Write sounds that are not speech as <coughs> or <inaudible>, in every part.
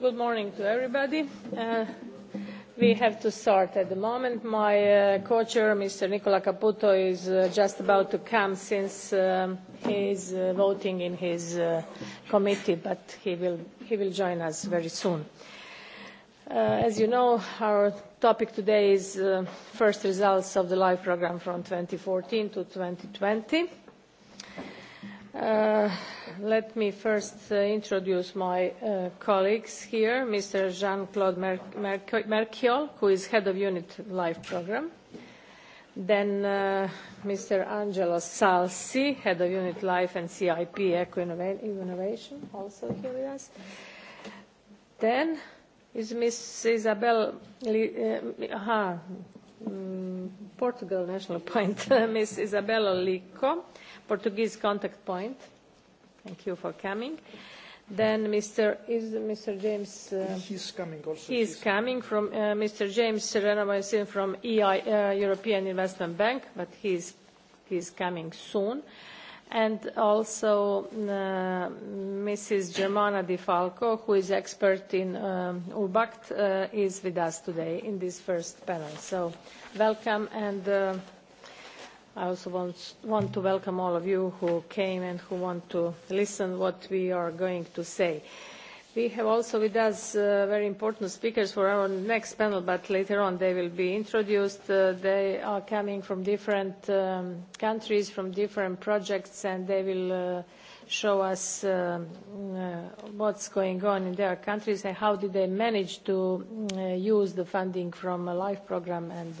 Good morning to everybody. Uh, we have to start at the moment. My uh, co-chair, Mr. Nicola Caputo, is uh, just about to come since um, he is uh, voting in his uh, committee, but he will, he will join us very soon. As you know, our topic today is first results of the LIFE program from 2014 to 2020. Uh, let me first uh, introduce my uh, colleagues here mr jean claude merkiol who is head of unit life programme then mr angelo salsi head of unit life and cip eco innovation also here with us then is ms isabel mm, portugal national point <laughs> ms isabella lico Portuguese contact point. Thank you for coming. Then Mr. is Mr. James. Uh, he's coming also. He's coming from uh, Mr. James Serena from EI, uh, European Investment Bank, but he's he's coming soon. And also uh, Mrs. Germana Di Falco, who is expert in um, UBACT, uh, is with us today in this first panel. So welcome and. Uh, i also want, to welcome all of you who came and who want to listen what we are going to say. We have also with us uh, very important speakers for our next panel, but later on they will be introduced. Uh, they are coming from different um, countries, from different projects, and they will uh, show us um, what's going on in their countries and how did they manage to use the funding from a life program and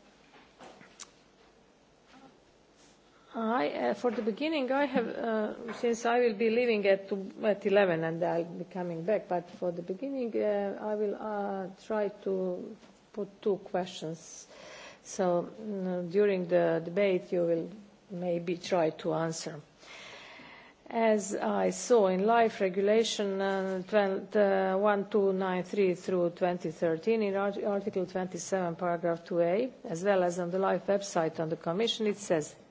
I, uh, for the beginning, I have, uh, since I will be leaving at, two, at 11 and I'll be coming back, but for the beginning, uh, I will try to put two questions. So mm, during the debate, you will maybe try to answer. As I saw in Life Regulation uh, 1293 through 2013 in Article 27, Paragraph 2A, as well as on the Life website on the Commission, it says,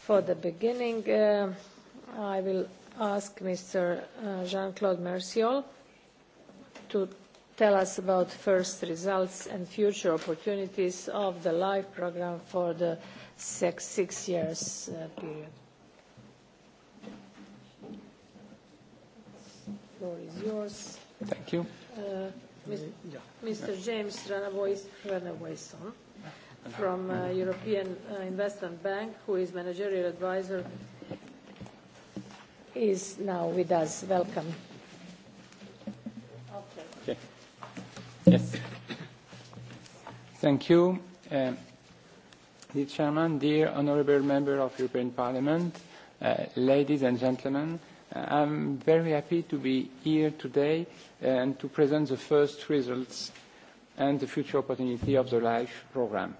for the beginning. Uh, I will ask Mr. Uh, Jean-Claude Merciol to tell us about first results and future opportunities of the LIFE program for the six, years uh, period. floor is yours. Thank you. Mr. Yeah. Mr. James from uh, European uh, Investment Bank, who is managerial advisor, is now with us. Welcome. Okay. Thank you. Uh, dear Chairman, dear honorable member of European Parliament, ladies and gentlemen, I'm very happy to be here today and to present the first results and the future opportunity of the LIFE programme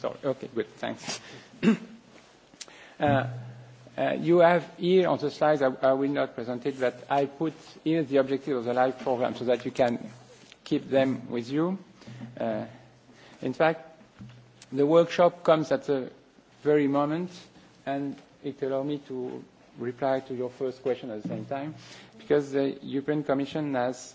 sorry. Okay, good. Thanks. <clears throat> Uh, uh, you have here on the slides, I, will not present it, but I put here the objective of the live program so that you can keep them with you. Uh, in fact, the workshop comes at the very moment, and it allows me to reply to your first question at the same time, because the European Commission has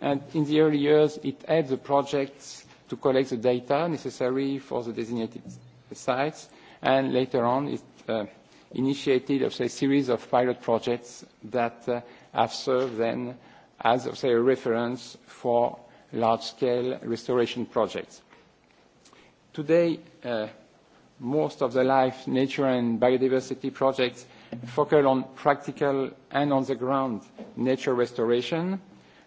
and in the early years it helped the projects to collect the data necessary for the designated sites and later on it uh, initiated a series of pilot projects that uh, have served then as a reference for large-scale restoration projects. Today, uh, most of the life, nature, and biodiversity projects focus on practical and on-the-ground nature restoration,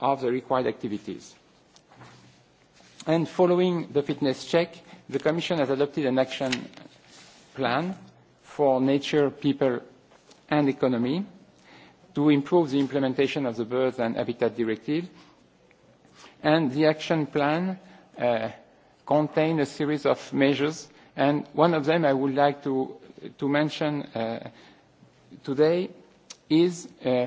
of the required activities. And following the fitness check, the Commission has adopted an action plan for nature, people and economy to improve the implementation of the Birds and Habitat Directive. And the action plan uh, contains a series of measures, and one of them I would like to, mention uh, today is uh,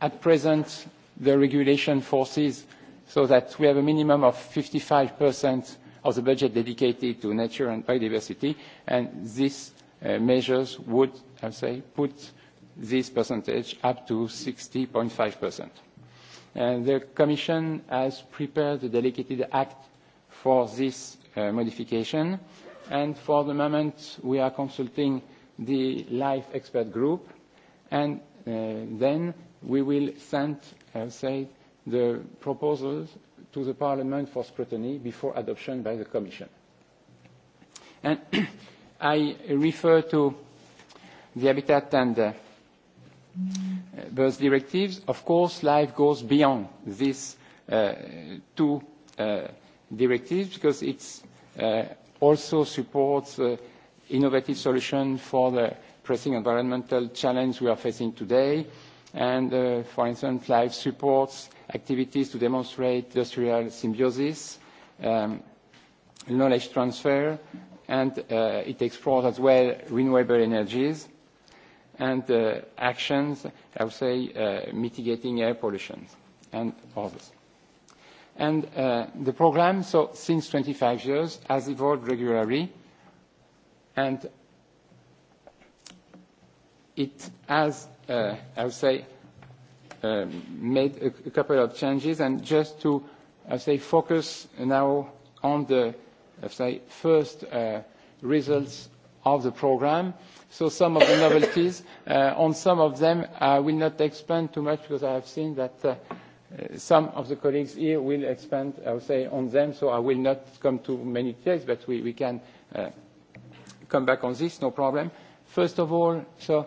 At present, the regulation forces so that we have a minimum of 55% of the budget dedicated to nature and biodiversity, and these uh, measures would, I say, put this percentage up to 60.5%. And the Commission has prepared the delegated act for this uh, modification, and for the moment we are consulting the life expert group, and uh, then we will send, uh, say, the proposals to the Parliament for scrutiny before adoption by the Commission. And <clears throat> I refer to the Habitat and uh, directives. Of course, life goes beyond these uh, two uh, directives because it uh, also supports uh, innovative solutions for the pressing environmental challenge we are facing today and, uh, for instance, life supports activities to demonstrate industrial symbiosis, um, knowledge transfer, and uh, it explores as well renewable energies and uh, actions, I would say, mitigating air pollution and others. And the program, so since 25 years, has evolved regularly, and it has, uh, I would say, uh, made a, couple of changes, and just to, I say, focus now on the, I say, first uh, results of the program. So some of the novelties, on some of them, I will not expand too much because I have seen that some of the colleagues here will expand, I would say, on them, so I will not come to many details, but we, we can come back on this, no problem. First of all, so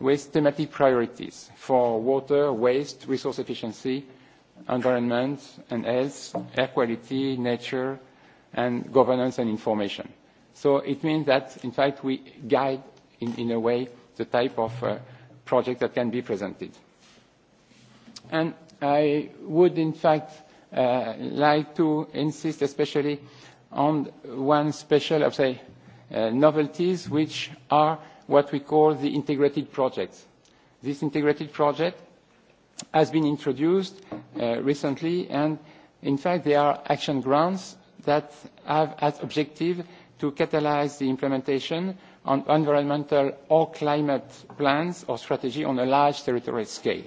with thematic priorities for water, waste, resource efficiency, environment and health, air quality, nature, and governance and information. So it means that, in fact, we guide, in, a way, the type of uh, project that can be presented. And I would, in fact, uh, like to insist especially on one special, I say, uh, novelties, which are what we call the integrated project. This integrated project has been introduced uh, recently, and in fact, there are action grants that have as objective to catalyze the implementation on environmental or climate plans or strategy on a large territorial scale.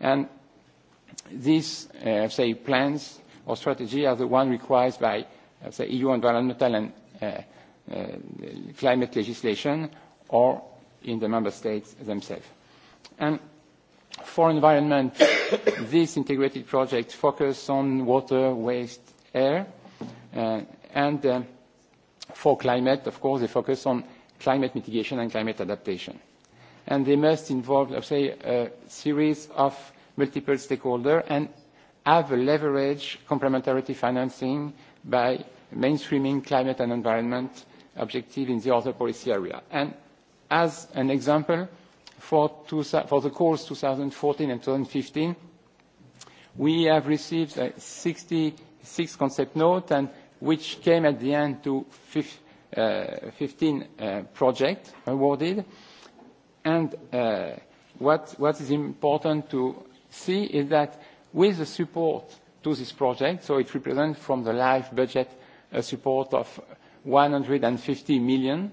And these, uh, say, plans or strategy are the one required by, say, EU environmental and uh, climate legislation or in the member states themselves. And for environment, <coughs> this integrated project focuses on water, waste, air, uh, and uh, for climate, of course, they focus on climate mitigation and climate adaptation. And they must involve, let's say, a series of multiple stakeholders and have a leverage complementarity financing by mainstreaming climate and environment objective in the other policy area. And As an example, for, for the calls 2014 and 2015, we have received 66 concept note, and which came at the end to 15 uh, uh, project awarded. And uh, what, is important to see is that with the support to this project, so it represents from the life budget a support of 150 million,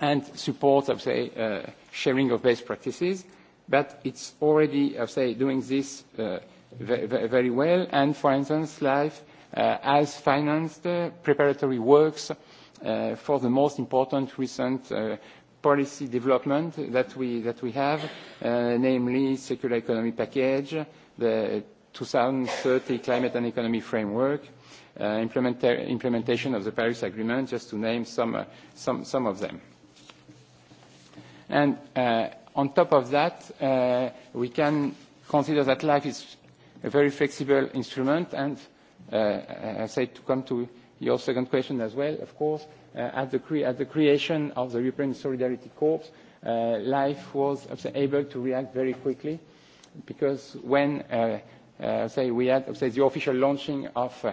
and support, of say, uh, sharing of best practices. But it's already, I say, doing this uh, very well. And for instance, Life has uh, financed preparatory works for the most important recent policy development that we, have, namely circular economy package, the 2030 climate and economy framework, implementation of the Paris Agreement, just to name some of them. And uh, on top of that, uh, we can consider that life is a very flexible instrument. And uh, uh I say to come to your second question as well, of course, uh, at, the cre at the creation of the European Solidarity Corps, uh, life was able to react very quickly because when uh, uh, say we had say, the official launching of uh,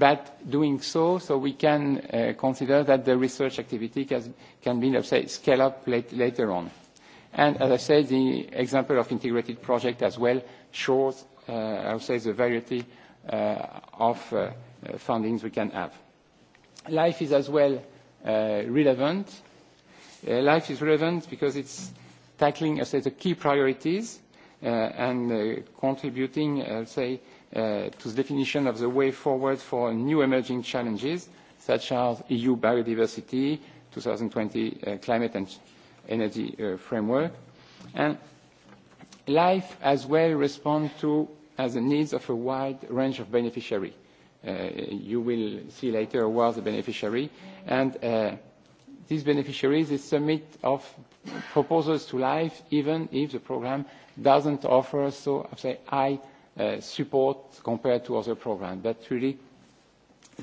but doing so, so we can uh, consider that the research activity can, be, let's scale up later on. And as I said, the example of integrated project as well shows, uh, I would say, the variety uh, of fundings we can have. Life is as well relevant. Life is relevant because it's tackling, I say, the key priorities and contributing, would say, Uh, to the definition of the way forward for new emerging challenges, such as EU biodiversity, 2020 uh, climate and energy uh, framework. And life as well responds to the needs of a wide range of beneficiaries. you will see later who are the beneficiary. And these beneficiaries submit of proposals to life even if the program doesn't offer so say, high Uh, support compared to other programs. But really,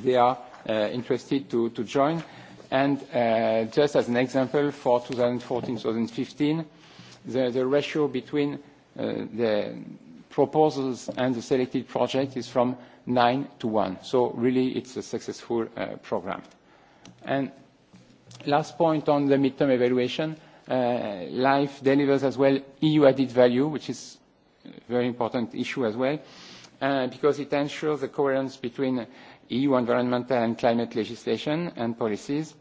they are uh, interested to, to join. And uh, just as an example, for 2014-2015, the, the ratio between the proposals and the selected project is from 9 to 1 So really, it's a successful program. And last point on the midterm evaluation, LIFE delivers as well EU added value, which is very important issue as well, uh, because it ensures the coherence between EU environmental and climate legislation and policies,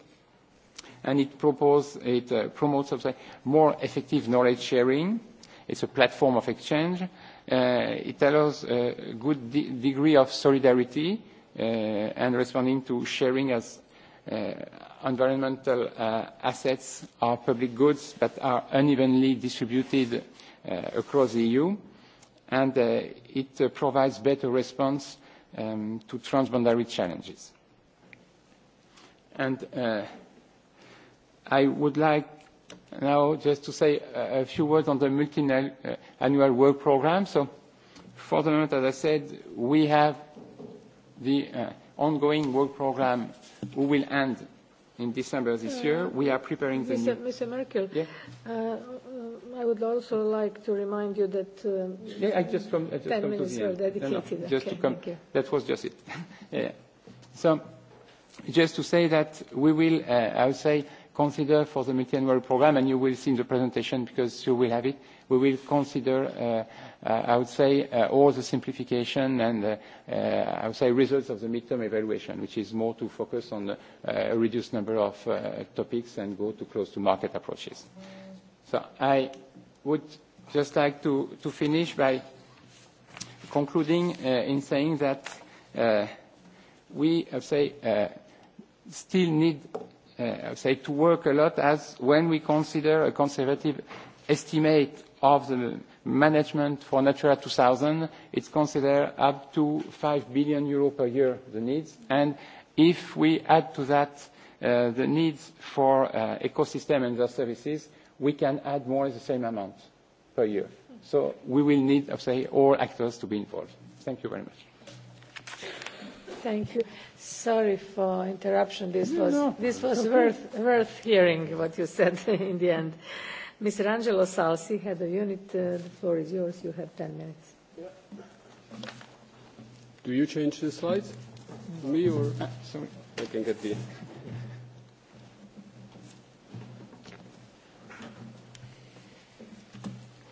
and it, propose, it uh, promotes more effective knowledge sharing. It's a platform of exchange. Uh, it allows a good degree of solidarity and responding to sharing as environmental assets are public goods that are unevenly distributed across the EU and uh, it uh, provides better response um, to transboundary challenges. And uh, I would like now just to say a, few words on the multi-annual uh, work program. So for the moment, as I said, we have the uh, ongoing work program who will end in December this hmm. year. We are preparing the Mr. new... Mr. Merkel, yeah? I would also like to remind you that um, yeah, I just come, just 10 minutes were dedicated. No, no, just okay, That was just it. <laughs> So just to say that we will, uh, I would say, consider for the multi-annual program, and you will see in the presentation because you will have it, we will consider, uh, uh, I would say, uh, all the simplification and, uh, uh, I would say, results of the midterm evaluation, which is more to focus on uh, a reduced number of uh, topics and go to close to market approaches. So I would just like to, to finish by concluding uh, in saying that uh, we, I say, uh, still need, uh, I say, to work a lot as when we consider a conservative estimate of the management for Natura 2000, it's considered up to 5 billion euro per year, the needs. And if we add to that uh, the needs for uh, ecosystem and the services, we can add more or the same amount per year. So we will need, of say, all actors to be involved. Thank you very much. Thank you. Sorry for interruption. This was, no. This was worth, worth hearing what you said <laughs> in the end. Mr. Angelo Salsi, head of unit, uh, the floor is yours. You have 10 minutes. Do you change the slides? Mm. Me or? Ah, sorry. I can get the.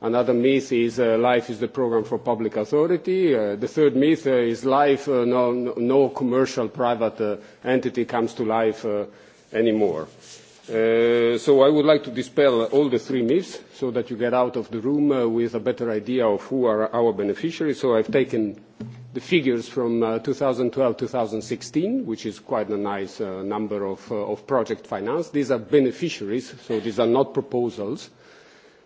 Another myth is uh, life is the program for public authority. Uh, the third myth uh, is life, uh, no, no commercial private uh, entity comes to life uh, anymore. So I would like to dispel all the three myths so that you get out of the room with a better idea of who are our beneficiaries. So I've taken the figures from 2012, 2016, which is quite a nice number of, of project finance. These are beneficiaries, so these are not proposals.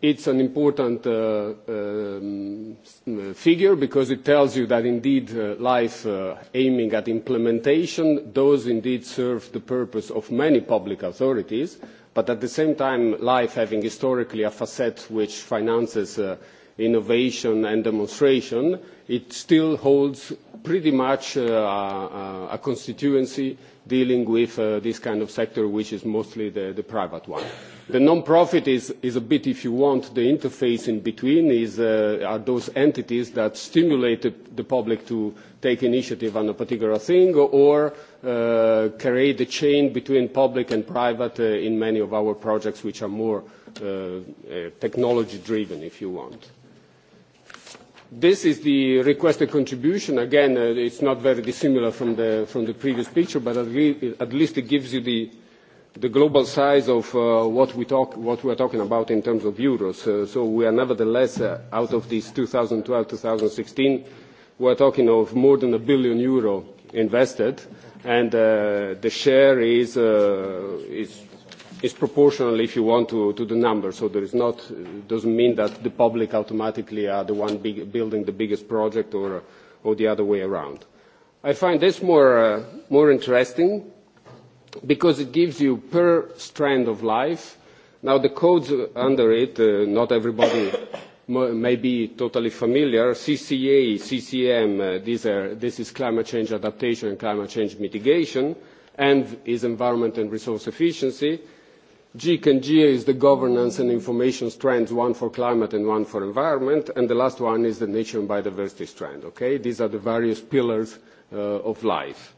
it's an important uh, um, figure because it tells you that indeed uh, life uh, aiming at implementation does indeed serve the purpose of many public authorities, but at the same time life having historically a facet which finances innovation and demonstration, it still holds pretty much uh, uh, a, constituency dealing with uh, this kind of sector, which is mostly the, private one. The non-profit is, is a bit, if you want, the interface in between is, are those entities that stimulate the, the public to take initiative on a particular thing or create a chain between public and private in many of our projects which are more technology driven, if you want. This is the requested contribution. Again, uh, it's not very dissimilar from the, from the previous picture, but at, least it gives you the, the global size of uh, what, we talk, what we are talking about in terms of euros. Uh, so we are nevertheless, out of this 2012-2016, we are talking of more than a billion euro invested, and the share is, is is proportional, if you want, to, the number. So there is not, doesn't mean that the public automatically are the one big, building the biggest project or, the other way around. I find this more, uh, more interesting because it gives you per strand of life. Now the codes under it, uh, not everybody <coughs> may be totally familiar. CCA, CCM, uh, these are, this is climate change adaptation and climate change mitigation, and is environment and resource efficiency G and G is the governance and information strands, one for climate and one for environment, and the last one is the nature and biodiversity strand. Okay? These are the various pillars uh, of life.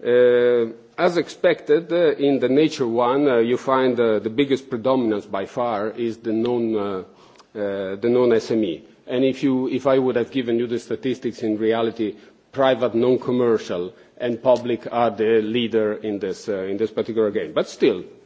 Uh, as expected, uh, in the nature one, you find the biggest predominance by far is the non-SME. E. And if, you, if I would have given you the statistics, in reality, private non-commercial and public are the leader in this, in this particular game. But still,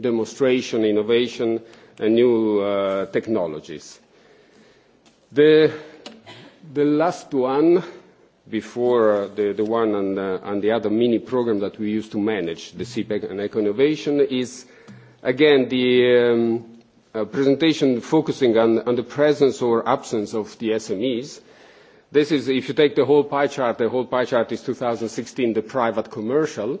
demonstration, innovation and new uh, technologies. The, the last one before uh, the, the one and, uh, the other mini program that we use to manage the CPEC e and eco-innovation is again the um, uh, presentation focusing on, on the presence or absence of the SMEs. This is, if you take the whole pie chart, the whole pie chart is 2016, the private commercial,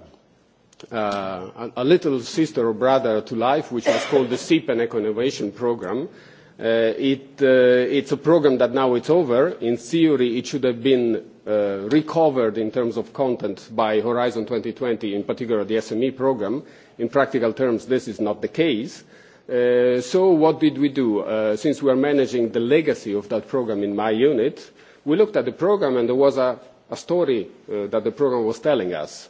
Uh, a little sister or brother to life, which was called the SIP and Eco Innovation Program. Uh, it, uh, it's a program that now it's over. In theory, it should have been uh, recovered in terms of content by Horizon 2020, in particular the SME program. In practical terms, this is not the case. So what did we do? Since we are managing the legacy of that program in my unit, we looked at the program and there was a, a story that the program was telling us.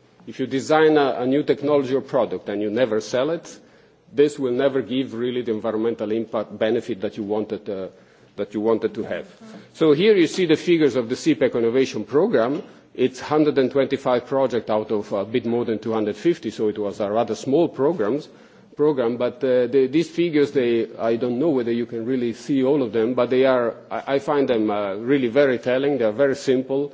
If you design a, new technology or product and you never sell it, this will never give really the environmental impact benefit that you wanted, uh, that you wanted to have. So here you see the figures of the CPEC e Innovation Program. It's 125 projects out of a bit more than 250, so it was a rather small programs, program. But uh, the, these figures, they, I don't know whether you can really see all of them, but they are, I, I find them uh, really very telling. They are very simple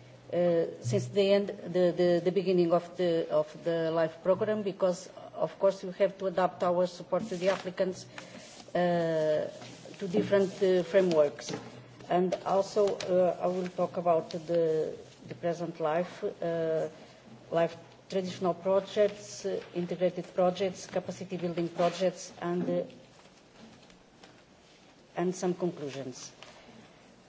uh, since the end the, the, the beginning of the of the life program because of course we have to adapt our support to the applicants uh, to different uh, frameworks and also uh, I will talk about the the present life uh, life traditional projects uh, integrated projects capacity building projects and uh, and some conclusions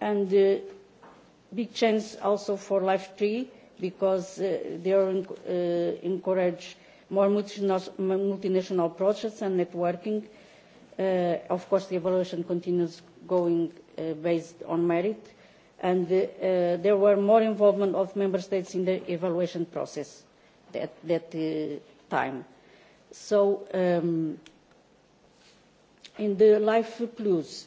and uh, big change also for life tree because uh, they uh, encourage more multinational projects and networking. of course, the evaluation continues going based on merit, and there were more involvement of member states in the evaluation process at that time. So, um, in the Life clues,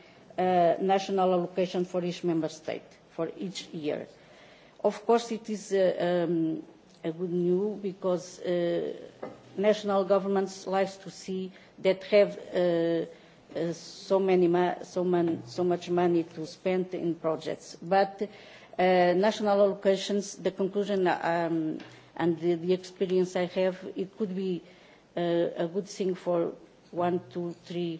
Uh, national allocation for each member state for each year. Of course, it is uh, um, a good news because uh, national governments like to see that have so, many so, man so much money to spend in projects. But national allocations, the conclusion um, and the experience I have, it could be a good thing for one, two, three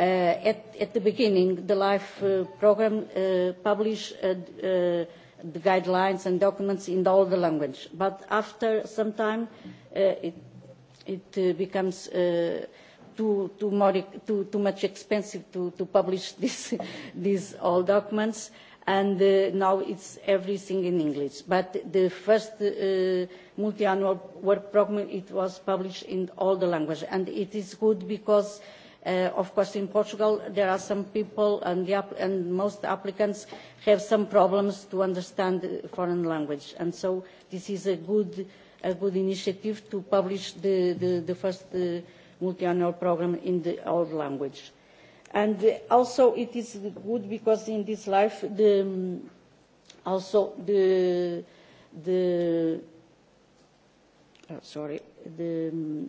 Uh, at, at the beginning, the LIFE uh, program uh, published uh, uh, the guidelines and documents in all the language. But after some time, uh, it, it becomes too, too, more, too, too much expensive to, to publish <laughs> this, these all documents. And now it's everything in English. But the first multi-annual work program, it was published in all the languages. And it is good because Uh, of course, in Portugal, there are some people and, the, and most applicants have some problems to understand foreign language. And so this is a good, a good initiative to publish the, the, first uh, multi-annual program in the old language. And also it is good because in this life, the, um, also the, the oh, sorry, the um,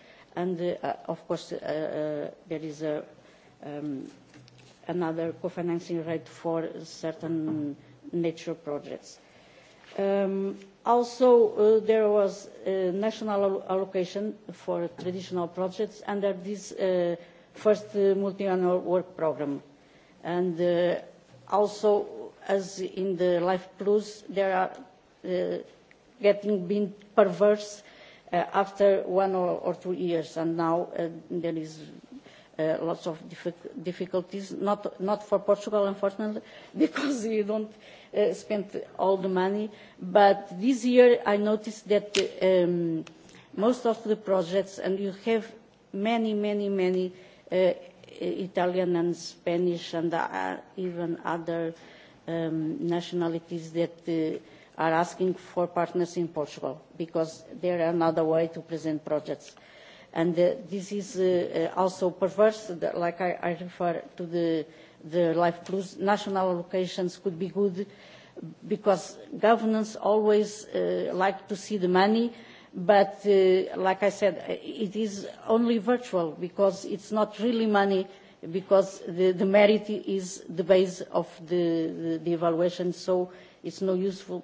and uh, uh, of course uh, there is um, another co-financing rate for certain nature projects. Um, also, uh, there was a national allocation for traditional projects under this first multi-annual work program. And also, as in the Life Plus, there are getting being perverse Uh, after one or two years and now uh, there is uh, lots of difficulties not not for Portugal unfortunately <laughs> because you don't spend all the money but this year I noticed that um, most of the projects and you have many many many uh, Italian and Spanish and uh, even other um, nationalities that uh, are asking for partners in Portugal because they are another way to present projects. And uh, this is uh, uh, also perverse, like I, I refer to the, the Life Plus, national allocations could be good because governments always like to see the money, but like I said, it is only virtual because it's not really money because the, the merit is the base of the, the, the evaluation, so it's no useful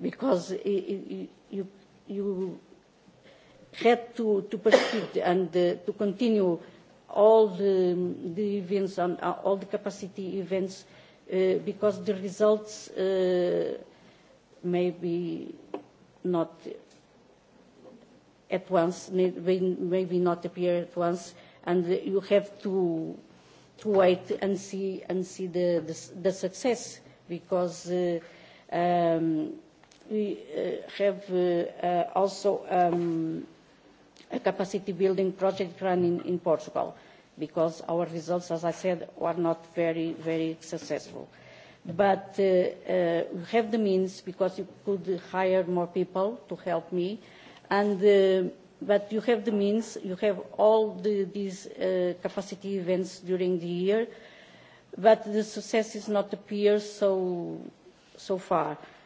because you, you had to, to persist and uh, to continue all the, the events and uh, all the capacity events uh, because the results uh, may be not at once, may, maybe not appear at once, and you have to, to wait and see, and see the, the, the success because uh, um, we uh, have uh, uh, also um, a capacity building project running in Portugal because our results, as I said, were not very, very successful. But we have the means because you could hire more people to help me. And, but you have the means, you have all the, these capacity events during the year, but the success is not appear so, so far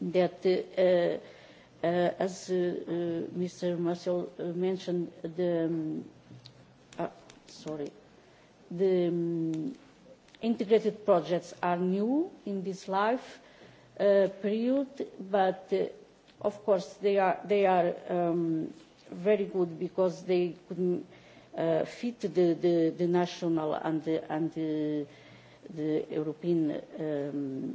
that uh, uh, as uh, uh Mr. Marcel uh, mentioned, the um, uh, sorry, the um, integrated projects are new in this life period, but of course they are they are um, very good because they could fit the, the, the national and the, and the, the European. Um,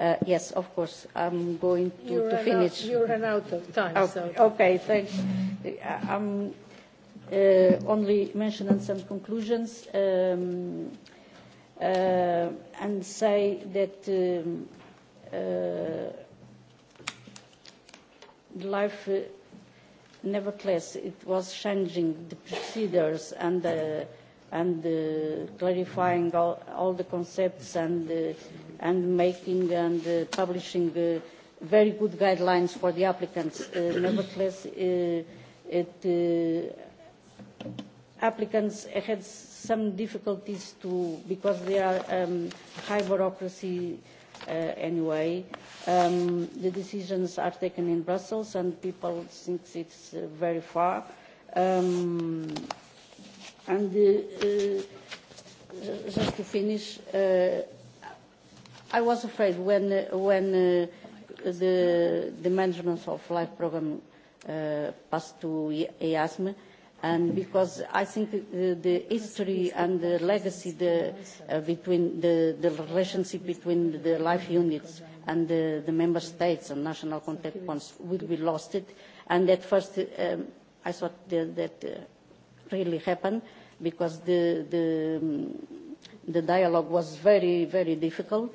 Uh, yes, of course, I'm going to, to finish. you ran out of time, oh, so. Okay, thanks. Uh, I'm uh, only mentioning some conclusions um, and say that um, life, nevertheless, it was changing the procedures and and clarifying all, the concepts and and making and uh, publishing uh, very good guidelines for the applicants. Uh, nevertheless, uh, it, uh, applicants had some difficulties to, because they are um, high bureaucracy uh, anyway. Um, the decisions are taken in Brussels and people think it's very far. Um, and just to finish, i was afraid when, when uh, the, the management of life program uh, passed to EASM, and because I think the, the history and the legacy the, uh, between the, the relationship between the life units and the, the member states and national contact points will be lost And at first um, I thought that, that uh, really happened because the, the, um, the dialogue was very, very difficult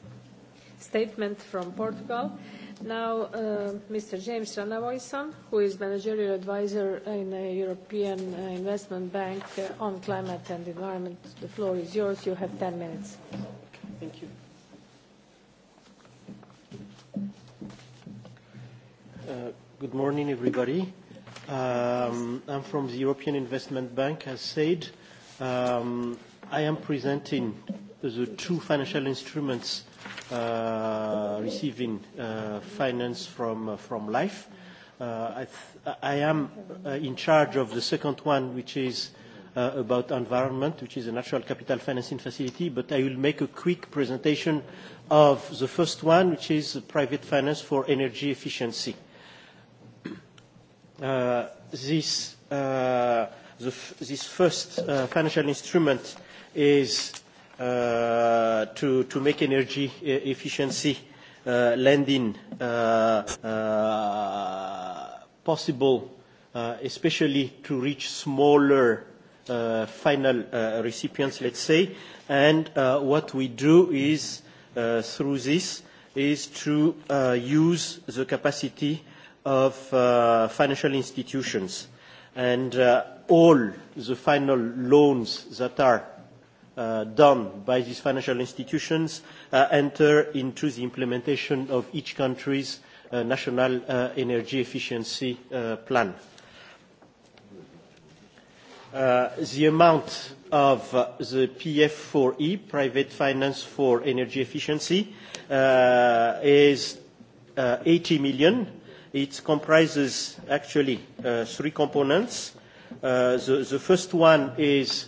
statement from Portugal. Now, uh, Mr. James Ranavoisan, who is managerial advisor in the European uh, Investment Bank uh, on climate and environment. The floor is yours. You have 10 minutes. Thank you. Uh, good morning, everybody. Um, I'm from the European Investment Bank, as said. Um, I am presenting the two financial instruments Uh, receiving uh, finance from, uh, from life. Uh, I, th I am in charge of the second one, which is about environment, which is a natural capital financing facility, but I will make a quick presentation of the first one, which is private finance for energy efficiency. This, this first financial instrument is Uh, to, make energy e, efficiency uh, lending uh, possible, especially to reach smaller final recipients, let's say. And what we do is, through this, is to use the capacity of financial institutions. And all the final loans that are Uh, done by these financial institutions uh, enter into the implementation of each country's uh, national energy efficiency plan. The amount of the PF4E, private finance for energy efficiency, is 80 million. It comprises actually three components. the first one is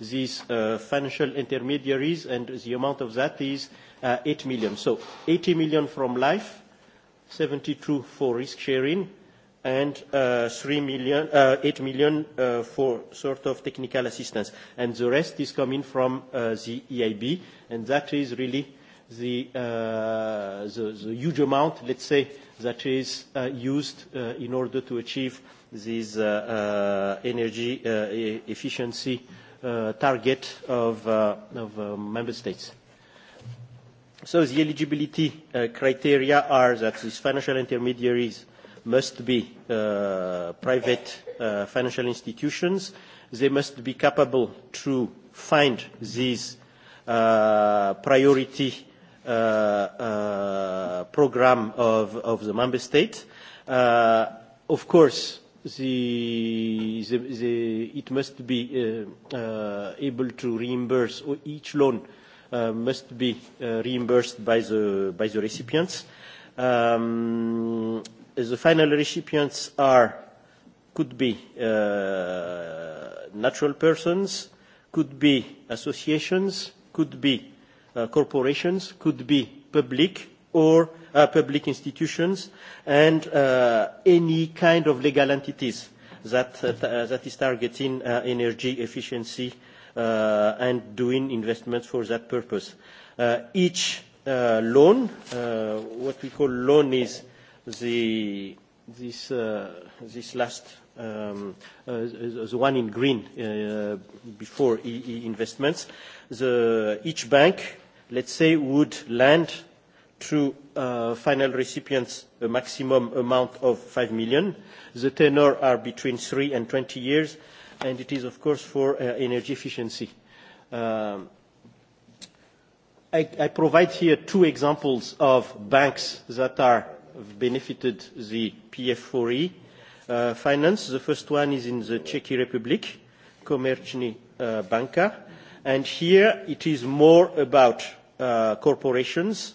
these uh, financial intermediaries, and the amount of that is uh, 8 million. So 80 million from life, 72 for risk sharing, and 3 uh, million, 8 uh, million for sort of technical assistance. And the rest is coming from the EIB, and that is really the, the, huge amount, let's say, that is used in order to achieve these energy e-, efficiency Uh, target of, uh, of uh, member states. So the eligibility criteria are that these financial intermediaries must be private financial institutions. They must be capable to find these priority uh, program of, the member state. of course, the, the, it must be uh, uh, able to reimburse, each loan uh, must be reimbursed by the, by the recipients. Um, the final recipients are, could be natural persons, could be associations, could be corporations, could be public or Uh, public institutions and uh, any kind of legal entities that, uh, uh that is targeting energy efficiency and doing investments for that purpose. each loan, what we call loan is the, this, this last um, the one in green before EE e investments, the, each bank, let's say, would lend to Uh, final recipients a maximum amount of 5 million. The tenor are between 3 and 20 years, and it is, of course, for uh, energy efficiency. Um, I, I provide here two examples of banks that are benefited the PF4E uh, finance. The first one is in the Czech Republic, Komerční Banka, and here it is more about corporations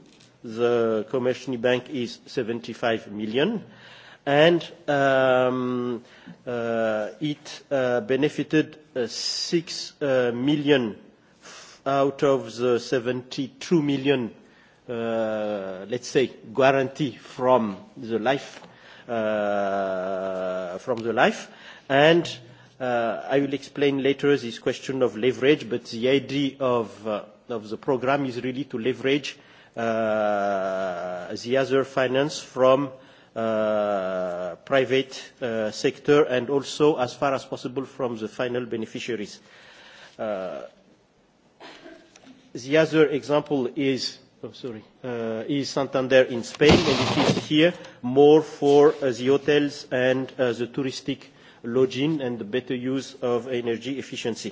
the commercial bank is 75 million and um, uh, it uh, benefited uh, 6 uh, million out of the 72 million let's say guarantee from the life from the life and I will explain later this question of leverage but the idea of, of the program is really to leverage Uh, the other finance from Uh, private uh, sector and also as far as possible from the final beneficiaries. Uh, the other example is oh, sorry, uh, is Santander in Spain, and it is here more for uh, the hotels and the touristic lodging and the better use of energy efficiency.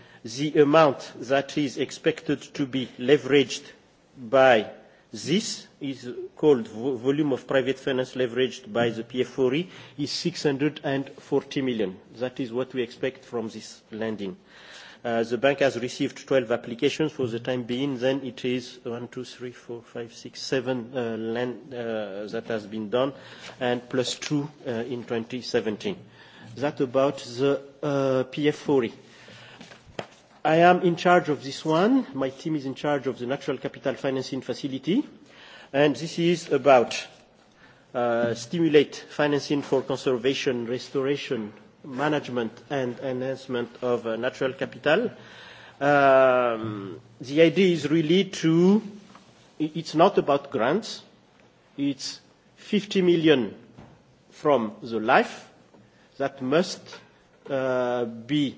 the amount that is expected to be leveraged by this is called volume of private finance leveraged by the pf 4 e is 640 million. That is what we expect from this lending. Uh, the bank has received 12 applications for the time being. Then it is one, two, three, four, five, six, seven uh, land, uh, that has been done, and plus two uh, in 2017. That about the uh, pf 4 i am in charge of this one. My team is in charge of the natural capital financing facility. And this is about uh, stimulate financing for conservation, restoration, management and enhancement of uh, natural capital. Um, the idea is really to, it's not about grants, it's 50 million from the life that must uh, be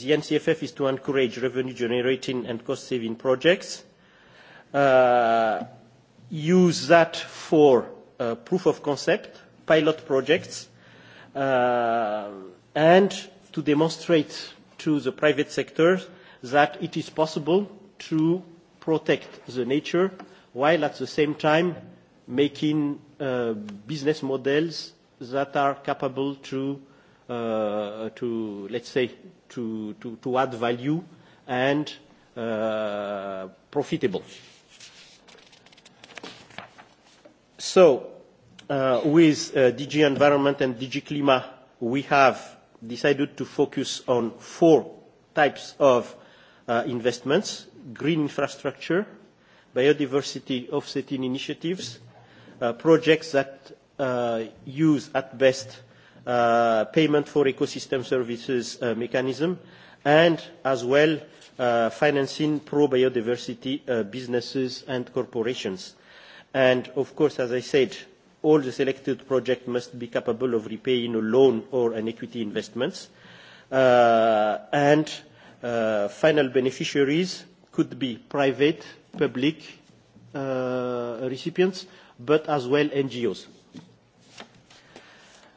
the NCFF is to encourage revenue generating and cost saving projects, uh, use that for uh, proof of concept, pilot projects, uh, and to demonstrate to the private sector that it is possible to protect the nature while at the same time making uh, business models that are capable to Uh, to, let's say, to, to, to add value and uh, profitable. So, uh, with DG Environment and DG Clima, we have decided to focus on four types of investments, green infrastructure, biodiversity offsetting initiatives, projects that use at best Uh, payment for ecosystem services uh, mechanism and as well uh, financing pro biodiversity businesses and corporations and of course as i said all the selected projects must be capable of repaying a loan or an equity investment and final beneficiaries could be private public recipients but as well ngos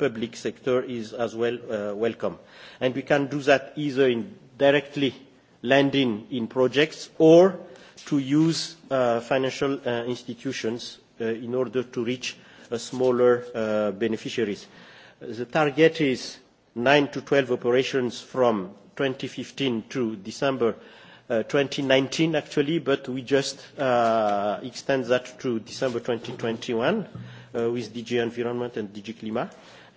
public sector is as well uh, welcome. And we can do that either in directly lending in projects or to use uh, financial uh, institutions in order to reach a smaller beneficiaries. The target is 9 to 12 operations from 2015 to December 2019 actually, but we just extend that to December 2021 with DG Environment and DG Clima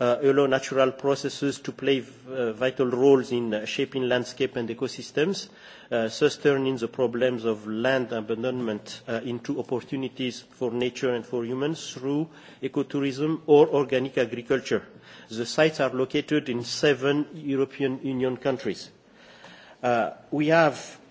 uh, allow natural processes to play uh, vital roles in uh, shaping landscape and ecosystems, thus uh, turning the problems of land abandonment uh, into opportunities for nature and for humans through ecotourism or organic agriculture. The sites are located in seven European Union countries. We have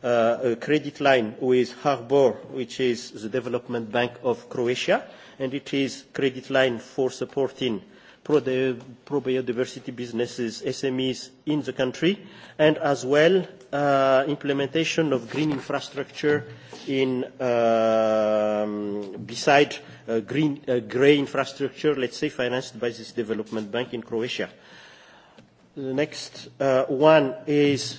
Uh, a credit line with Harbor, which is the development bank of Croatia, and it is credit line for supporting uh, pro-biodiversity businesses, SMEs in the country, and as well uh, implementation of green infrastructure in, um, beside green, grey infrastructure, let's say, financed by this development bank in Croatia. The next one is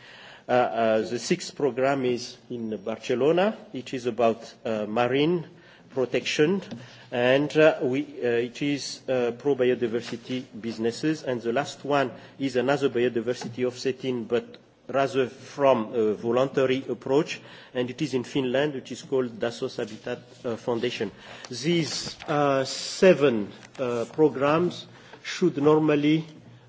Uh, uh, the sixth program is in Barcelona. It is about uh, marine protection and it is pro-biodiversity businesses. And the last one is another biodiversity offsetting but rather from a voluntary approach and it is in Finland which is called Dasos Habitat Foundation. These seven programmes programs should normally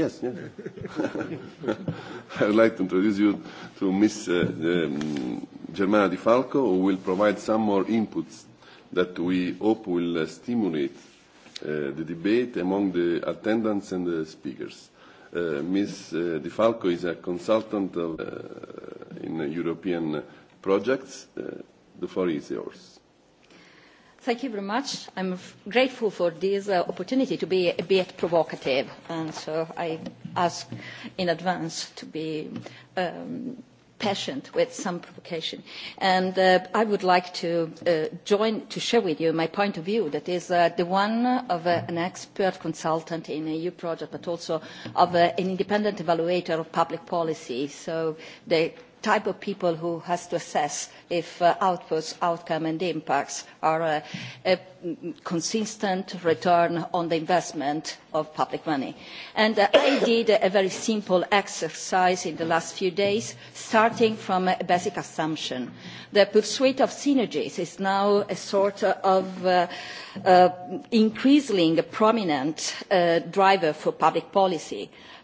Yes, yes. <laughs> I would like to introduce you to Ms. Uh, um, Germana Di Falco, who will provide some more inputs that we hope will uh, stimulate uh, the debate among the attendants and the speakers. Uh, Ms. Uh, Di Falco is a consultant of, uh, in European projects. The floor is yours. Thank you very much. I'm grateful for this uh, opportunity to be a bit provocative, and so I ask in advance to be um, patient with some provocation. And uh, I would like to uh, join to share with you my point of view, that is uh, the one of uh, an expert consultant in a EU project, but also of uh, an independent evaluator of public policy. So the type of people who has to assess if uh, outputs, outcome and impacts are uh, a, mm, consistent return on the investment of public money. And uh, I did a very simple exercise in the last few days, starting from a basic assumption. The pursuit of synergies is now a sort of increasingly prominent driver for public policy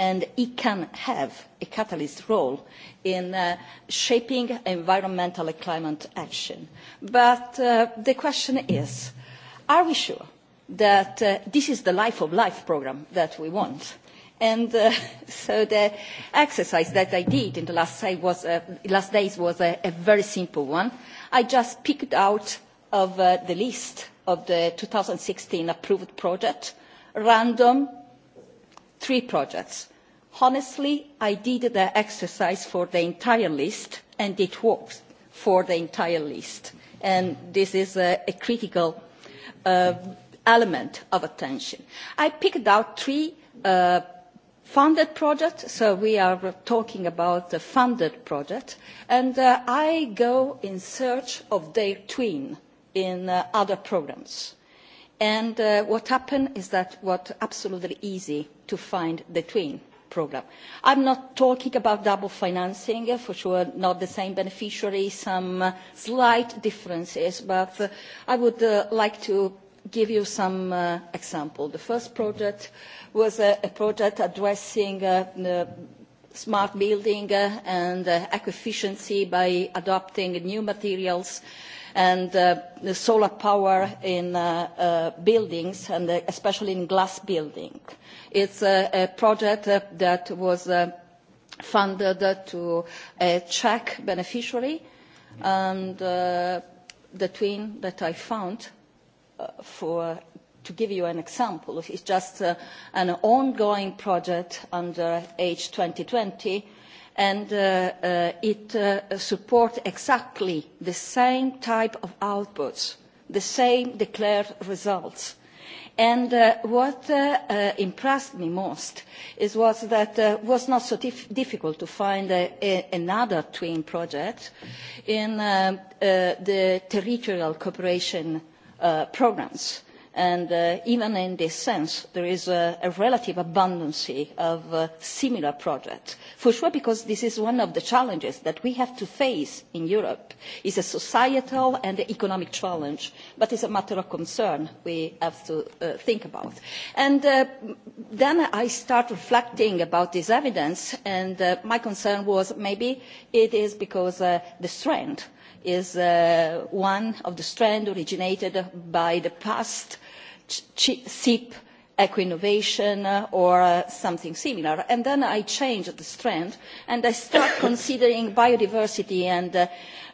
and it can have a catalyst role in uh, shaping environmental and climate action. But uh, the question is, are we sure that uh, this is the life of life program that we want? And <laughs> so the exercise that I did in the last, was, last days was a, very simple one. I just picked out of the list of the 2016 approved project, random three projects honestly i did the exercise for the entire list and it works for the entire list and this is a, critical uh, element of attention. i picked out three uh, funded projects so we are talking about the funded project and uh, i go in search of their twin in other programmes and what happened is that it was absolutely easy to find the twin programme. i am not talking about double financing eh, for sure not the same beneficiary, some uh, slight differences but uh, i would uh, like to give you some examples. the first project was a project addressing smart building and eco efficiency by adopting new materials and uh, solar power in uh, uh, buildings and especially in glass buildings. it is a project that was funded to a check beneficiary and the twin that i found for to give you an example is just uh, an ongoing project under h 2020 and uh, uh, it uh, supports exactly the same type of outputs the same declared results. what impressed me most is was that it was not so difficult to find another twin project in the territorial cooperation programmes and uh, even in this sense there is a, relative abundance of uh, similar projects for sure because this is one of the challenges that we have to face in europe is a societal and economic challenge but is a matter of concern we have to uh, think about and then i start reflecting about this evidence and my concern was maybe it is because the strength is uh, one of the strands originated by the past SIP equinovation uh, or uh, something similar. And then I changed the strand and I start <coughs> considering biodiversity and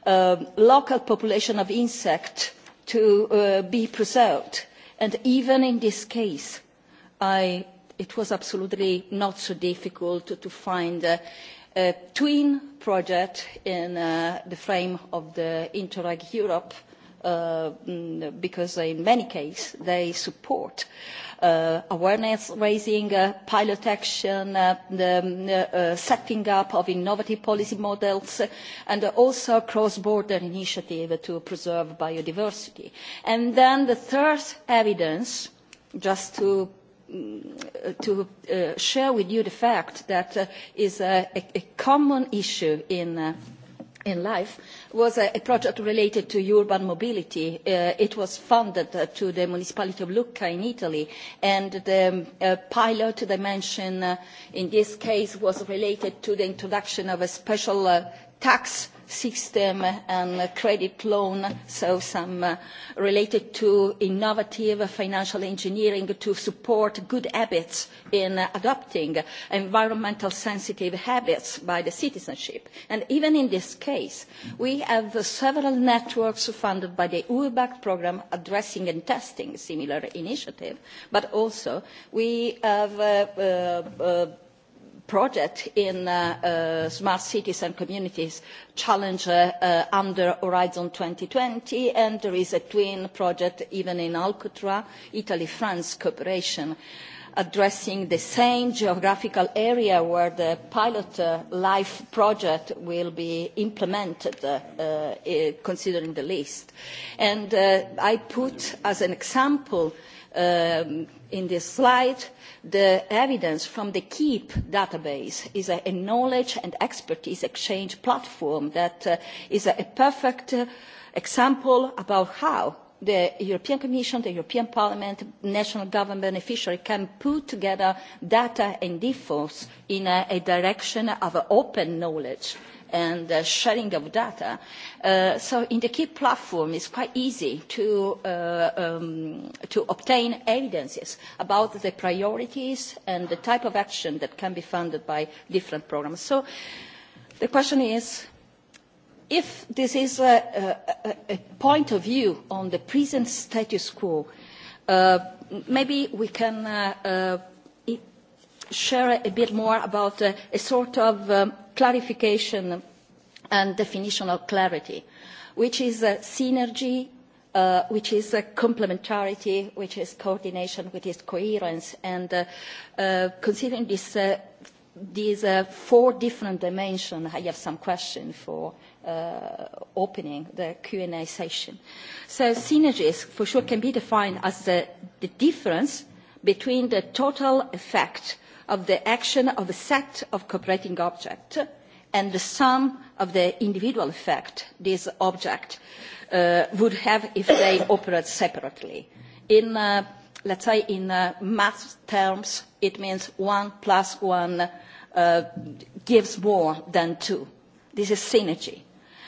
um, local population of insects to be preserved. And even in this case, I, it was absolutely not so difficult to, to find a twin project in uh, the frame of the Interreg Europe uh, mm, because in many cases they support uh, awareness raising, pilot action, the um, setting up of innovative policy models and also cross-border initiative to preserve biodiversity. And then the third evidence, just to to uh, share with you the fact that uh, is a, a common issue in uh, in life was a, a project related to urban mobility. Uh, it was funded uh, to the municipality of Lucca in Italy and the um, pilot dimension in this case was related to the introduction of a special tax system and credit loan, so some uh, related to innovative financial engineering to support good habits in adopting environmental sensitive habits by the citizenship. And even in this case, we have several networks funded by the UBAC e program addressing and testing similar initiatives, but also we have uh, uh, project in uh, uh, smart cities and communities challenge uh, under horizon two thousand and twenty and there is a twin project even in alcutra, italy france cooperation addressing the same geographical area where the pilot uh, life project will be implemented uh, uh, considering the list and i put as an example um, in this slide the evidence from the keep database is a, knowledge and expertise exchange platform that is a perfect example about how the European Commission, the European Parliament, national government beneficiary can put together data and defaults in a, direction of open knowledge and uh, sharing of data. Uh, so in the key platform, it's quite easy to, uh, um, to obtain evidences about the priorities and the type of action that can be funded by different programs. So the question is, if this is a, point of view on the present status quo, uh, maybe we can uh, uh, share a bit more about a sort of um, clarification and definition of clarity, which is synergy, which is complementarity, which is coordination, which is coherence. And considering these four different dimensions, I have some questions for Uh, opening the Q&A session. So synergies for sure can be defined as the, difference between the total effect of the action of a set of cooperating objects and the sum of the individual effect this object uh, would have if they operate separately. In, uh, let's say, in math terms, it means one plus one gives more than two. This is synergy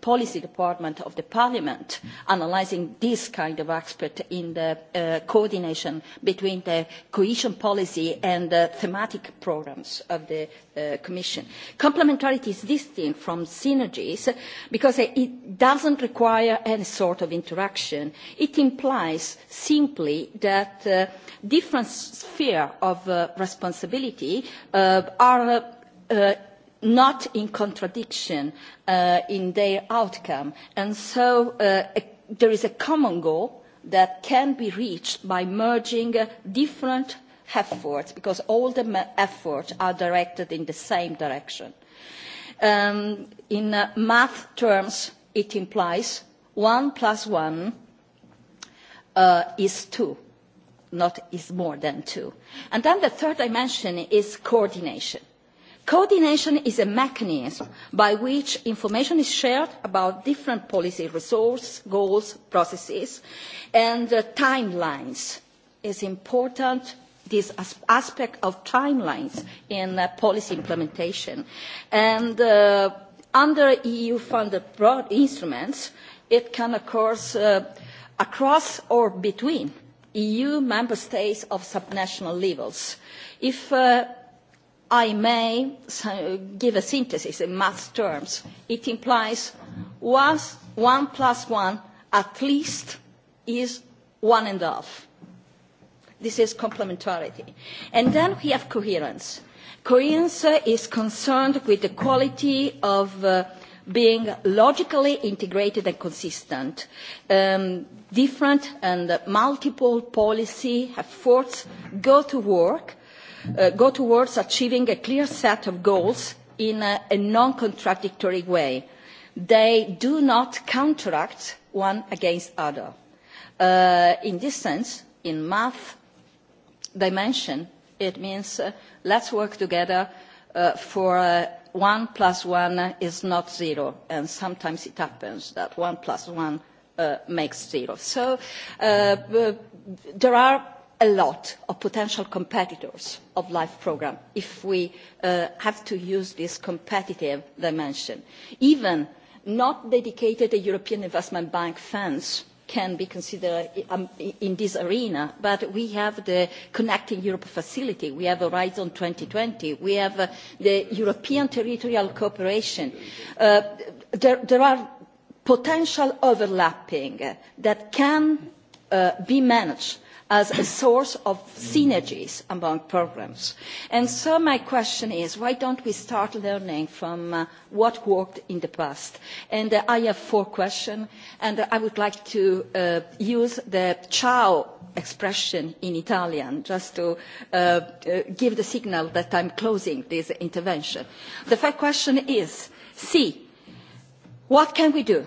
policy department of the parliament analysing this kind of expert in the uh, coordination between the cohesion policy and the thematic programmes of the uh, commission. complementarity is distinct from synergies because it doesn't require any sort of interaction. it implies simply that uh, different spheres of responsibility are not in contradiction uh, in their outcome. And so uh, there is a common goal that can be reached by merging uh, different efforts, because all the efforts are directed in the same direction. Um, in math terms, it implies one plus one is two, not is more than two. And then the third dimension is coordination coordination is a mechanism by which information is shared about different policy resources goals processes and uh, timelines. is important this aspect of timelines in uh, policy implementation and uh, under eu funded broad instruments it can occur across or between eu member states of subnational levels. if i may give a synthesis in math terms. It implies was one plus one at least is one and a half. This is complementarity. And then we have coherence. Coherence is concerned with the quality of uh, being logically integrated and consistent. Um, different and multiple policy efforts go to work Uh, go towards achieving a clear set of goals in a, non contradictory way. They do not counteract one against other. Uh, in this sense, in math dimension, it means uh, let's work together for one plus one is not zero, and sometimes it happens that one plus one makes zero. So there are a lot of potential competitors of life programme if we uh, have to use this competitive dimension. even not dedicated european investment bank funds can be considered um, in this arena but we have the connecting europe facility we have horizon two twenty we have uh, the european territorial cooperation. Uh, there, there are potential overlapping that can be managed as a source of synergies among programmes. And so my question is, why don't we start learning from uh, what worked in the past? And uh, I have four questions, and I would like to uh, use the ciao expression in Italian just to give the signal that I'm closing this intervention. The first question is, C, what can we do?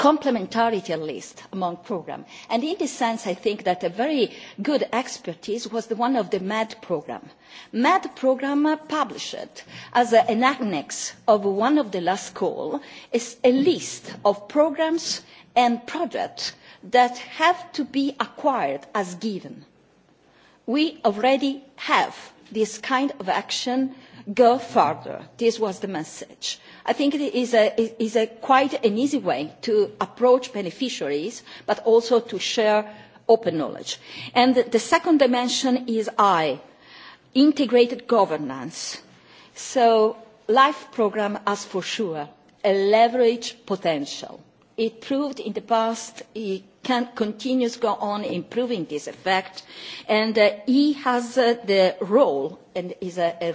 complementarity list among programmes and in this sense i think that a very good expertise was the one of the med programme. med programme published as an annex of one of the last call is a list of programmes and projects that have to be acquired as given. we already have this kind of action go further this was the message i think it is, a, is a quite an easy way to approach beneficiaries but also to share open knowledge. And the second dimension is i integrated governance. so life programme has for sure a leverage potential. it proved in the past it can continue to go on improving this effect and E has uh, the role and is a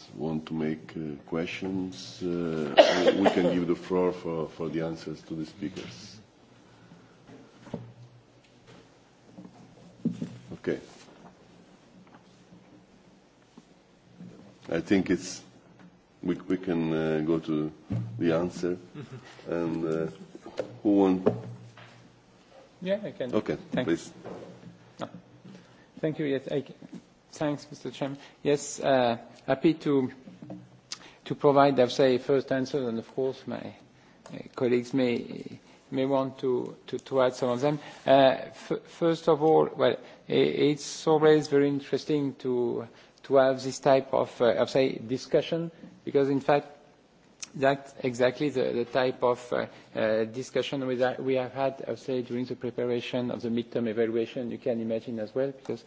want to make uh, questions, uh, we can give the floor for, for the answers to the speakers. Okay. I think it's we, we can uh, go to the answer. Mm-hmm. and uh, who wants? Yeah, I can. Okay, Thanks. please. Ah. Thank you. Yes, I can. Thanks, Mr. Chairman. Yes, uh, happy to to provide, I'd say, first answers, and of course, my colleagues may want to to, to add some of them. Uh, f first of all, well, it's always very interesting to to have this type of, uh, say, discussion because, in fact, that's exactly the, the type of uh, uh, discussion we, that we have had, I'd say, during the preparation of the midterm evaluation. You can imagine as well, because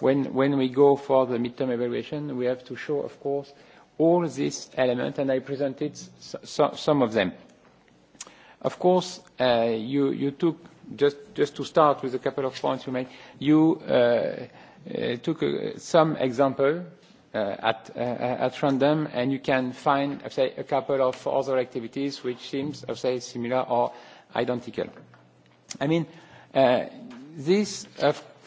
When, when we go for the midterm evaluation, we have to show, of course, all these elements, and I presented some of them. Of course, uh, you, you took, just, just to start with a couple of points you made, you uh, uh, took some example at, at random, and you can find, say, a couple of other activities which seems, say, similar or identical. I mean, this, of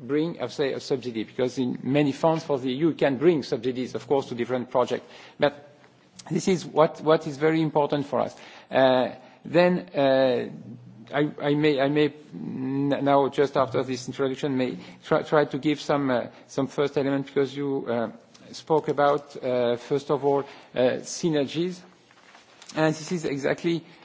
bring, I say, a subsidy, because in many funds for the EU can bring subsidies, of course, to different projects. But this is what, what is very important for us. Uh, then uh, I, I, may, I may now, just after this introduction, may try, try to give some, uh, some first element, because you uh, spoke about, uh, first of all, uh, synergies. And this is exactly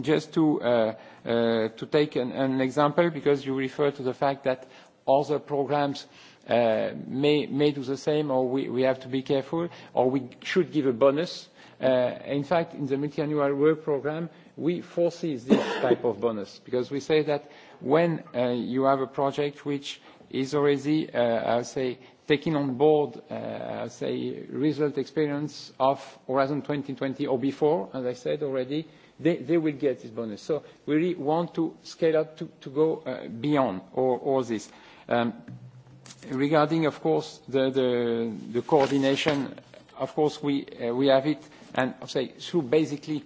just to, uh, uh, to take an, example, because you refer to the fact that other programs uh, may, may do the same, or we, we have to be careful, or we should give a bonus. in fact, in the multi-annual work program, we foresee this type of bonus, because we say that when you have a project which is already, uh, say, taking on board, uh, say, result experience of Horizon 2020 or before, as I said already, they, will get this bonus. So we really want to scale up to, go uh, beyond all, this. Um, regarding, of course, the, the, coordination, of course, we, uh, we have it, and say through basically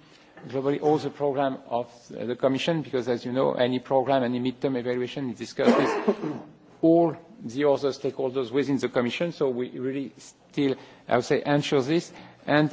globally all the program of uh, the Commission, because as you know, any program, any midterm evaluation is discussed with <coughs> all the other stakeholders within the Commission, so we really still, I would say, ensure this. And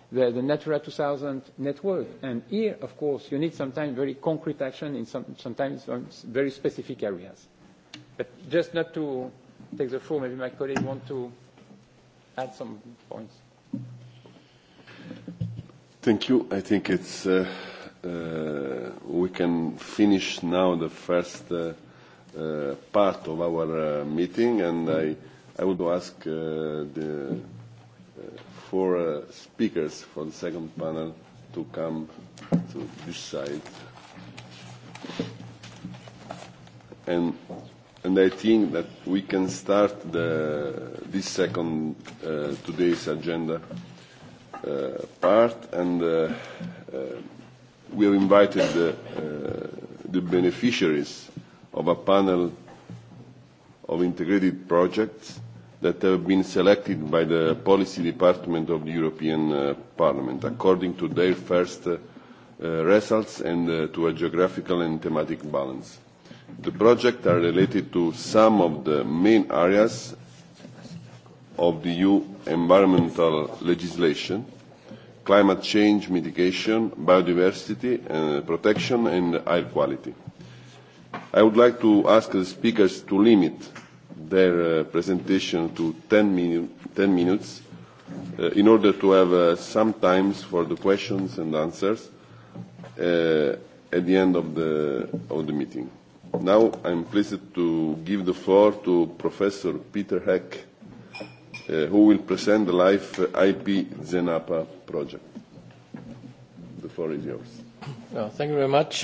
the, the Natura 2000 network. And here, of course, you need sometimes very concrete action in sometimes some very specific areas. But just not to take the floor, maybe my colleague want to add some points. Thank you. I think it's, uh, uh, we can finish now the first uh, part of our meeting, and I, I would ask the four uh, speakers for the second panel to come to this side. And, and I think that we can start the, this second uh, today's agenda uh, part and we have invited the, the beneficiaries of a panel of integrated projects that have been selected by the policy department of the European uh, Parliament according to their first uh, uh, results and to a geographical and thematic balance. The projects are related to some of the main areas of the EU environmental legislation, climate change mitigation, biodiversity protection and air quality. I would like to ask the speakers to limit their uh, presentation to 10, 10 minutes uh, in order to have uh, some time for the questions and answers uh, at the end of the, of the meeting. Now I'm pleased to give the floor to Professor Peter Heck, uh, who will present the LIFE IP Zenapa project. The floor is yours. thank you very much.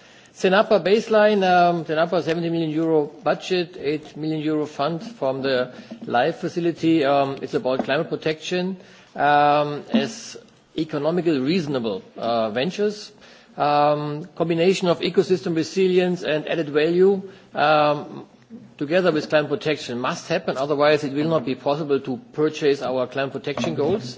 CENAPA baseline, um, EUR 70 million euro budget, 8 million euro fund from the LIFE facility. Um, it's about climate protection um, as economically reasonable uh, ventures. Um, combination of ecosystem resilience and added value together with climate protection must happen, otherwise it will not be possible to purchase our climate protection goals.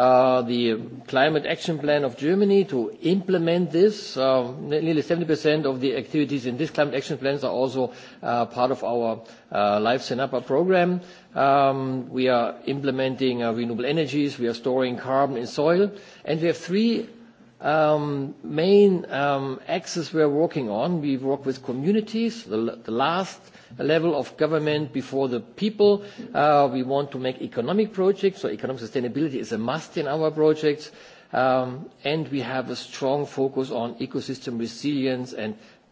Uh, the climate action plan of Germany to implement this. Uh, nearly 70% of the activities in this climate action plans are also uh, part of our Life Sinapa program. Um, we are implementing renewable energies, we are storing carbon in soil, and we have three um, main um, axes we are working on. We work with communities. the last level of government before the people. Uh, we want to make economic projects, so economic sustainability is a must in our projects. Um, and we have a strong focus on ecosystem resilience and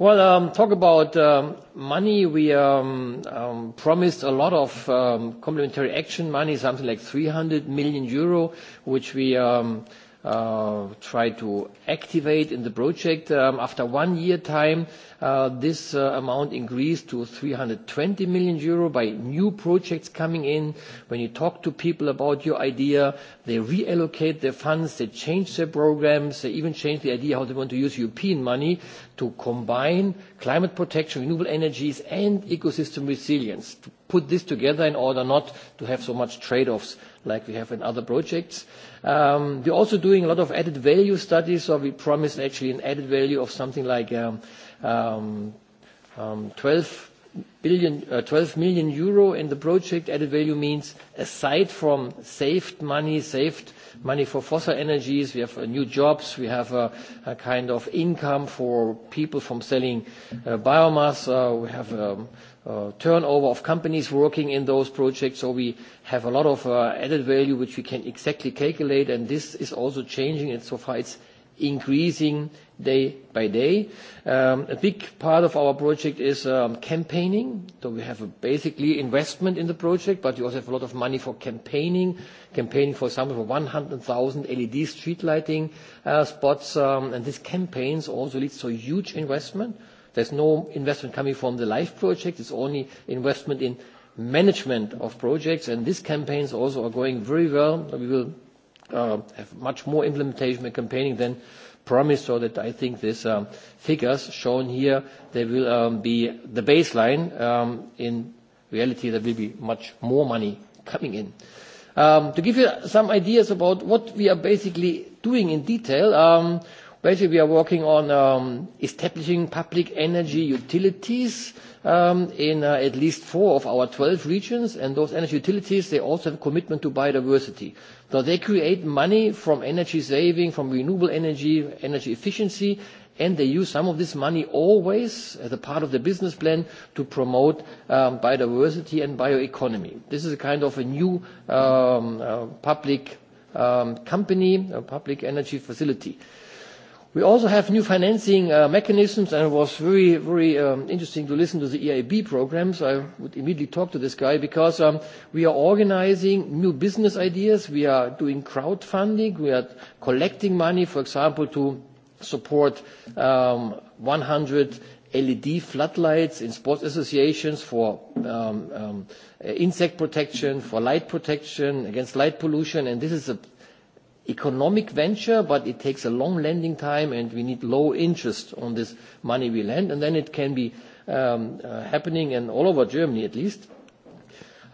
Well, um, talk about um, money. We um, um, promised a lot of um, complementary action money, something like 300 million euro, which we um, uh, try to activate in the project. Um, after one year time, Uh, this uh, amount increased to 320 million euro by new projects coming in. When you talk to people about your idea, they reallocate their funds, they change their programs, they even change the idea how they want to use European money to combine climate protection, renewable energies, and ecosystem resilience, to put this together in order not to have so much trade-offs like we have in other projects. Um, we're also doing a lot of added value studies, so we promised actually an added value of something like um, um, um, 12 billion, uh, 12 million euro in the project. Added value means aside from saved money, saved money for fossil energies, we have uh, new jobs, we have a, kind of income for people from selling uh, biomass, uh, we have um, uh, turnover of companies working in those projects. So we have a lot of added value which we can exactly calculate, and this is also changing, and so far it's increasing day by day. Um, a big part of our project is um, campaigning. So we have a basically investment in the project, but we also have a lot of money for campaigning. Campaigning, for example, for 100,000 LED e street lighting uh, spots. Um, and these campaigns also leads to huge investment. There's no investment coming from the LIFE project. It's only investment in management of projects, and these campaigns also are going very well. We will Uh, have much more implementation and campaigning than promised, so that I think these um, figures shown here, they will um, be the baseline. Um, in reality, there will be much more money coming in. Um, to give you some ideas about what we are basically doing in detail, um, Basically, we are working on um, establishing public energy utilities um, in uh, at least four of our 12 regions, and those energy utilities, they also have a commitment to biodiversity. So they create money from energy saving, from renewable energy, energy efficiency, and they use some of this money always as a part of the business plan to promote um, biodiversity and bioeconomy. This is a kind of a new uh, public company, a public energy facility. We also have new financing uh, mechanisms, and it was very, very um, interesting to listen to the EIB programs. I would immediately talk to this guy because um, we are organizing new business ideas. We are doing crowdfunding. We are collecting money, for example, to support 100 um, LED e floodlights in sports associations for insect protection, for light protection, against light pollution, and this is a economic venture, but it takes a long lending time, and we need low interest on this money we lend, and then it can be um, uh, happening, and all over Germany at least,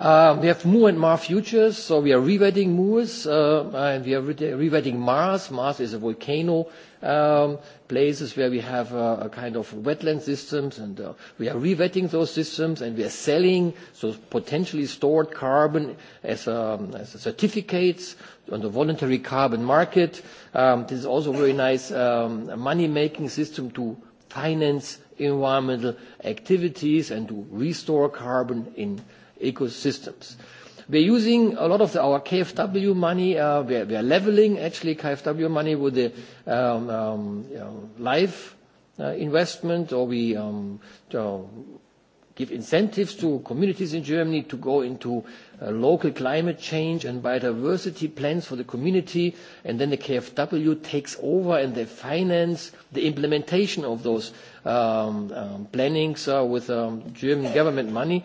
Uh, we have Mu and Mars futures, so we are rewetting Moors, uh, and we are rewetting Mars. Mars is a volcano um, places where we have a kind of wetland systems, and uh, we are rewetting those systems, and we are selling so potentially stored carbon um, as, certificates on the voluntary carbon market. Um, this is also a very nice money-making system to finance environmental activities and to restore carbon in ecosystems. are using a lot of our KfW money. Uh, we are leveling actually KfW money with the um, um life uh, investment, or we um, give incentives to communities in Germany to go into uh, local climate change and biodiversity plans for the community, and then the KfW takes over and they finance the implementation of those um, um, plannings with German government money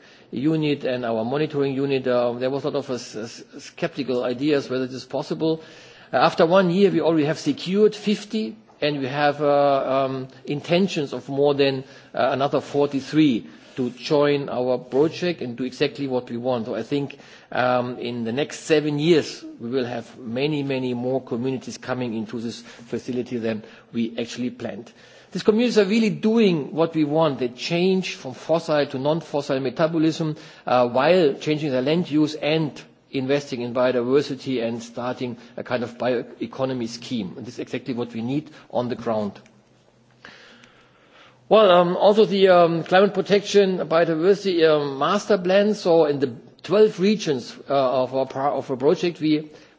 unit and our monitoring unit, um, there was a lot of uh, sceptical skeptical ideas whether it is possible. Uh, after one year, we already have secured 50, and we have uh, um, intentions of more than another 43 to join our project and do exactly what we want. So I think um, in the next seven years, we will have many, many more communities coming into this facility than we actually planned. These communities are really doing what we want. They change from fossil to non-fossil metabolism uh, while changing their land use and investing in biodiversity and starting a kind of bioeconomy scheme. And this is exactly what we need on the ground. Well, um, also the um, climate protection biodiversity um, master plan. So in the 12 regions uh, of, our, of our project, we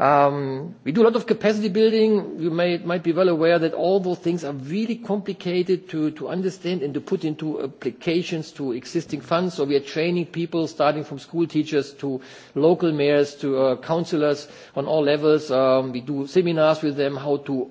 Um, we do a lot of capacity building. You might be well aware that all those things are really complicated to, understand and to put into applications to existing funds. So we are training people, starting from school teachers to local mayors to uh, councillors on all levels. Um, we do seminars with them how to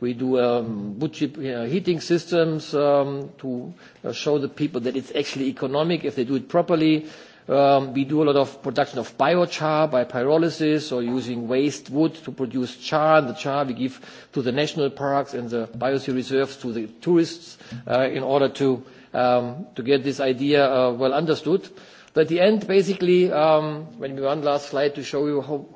We do um, wood chip uh, heating systems um, to uh, show the people that it's actually economic if they do it properly. Um, we do a lot of production of biochar by pyrolysis or using waste wood to produce char. And the char we give to the national parks and the biosphere reserves to the tourists uh, in order to, get this idea well understood. at the end, basically, when we one last slide to show you how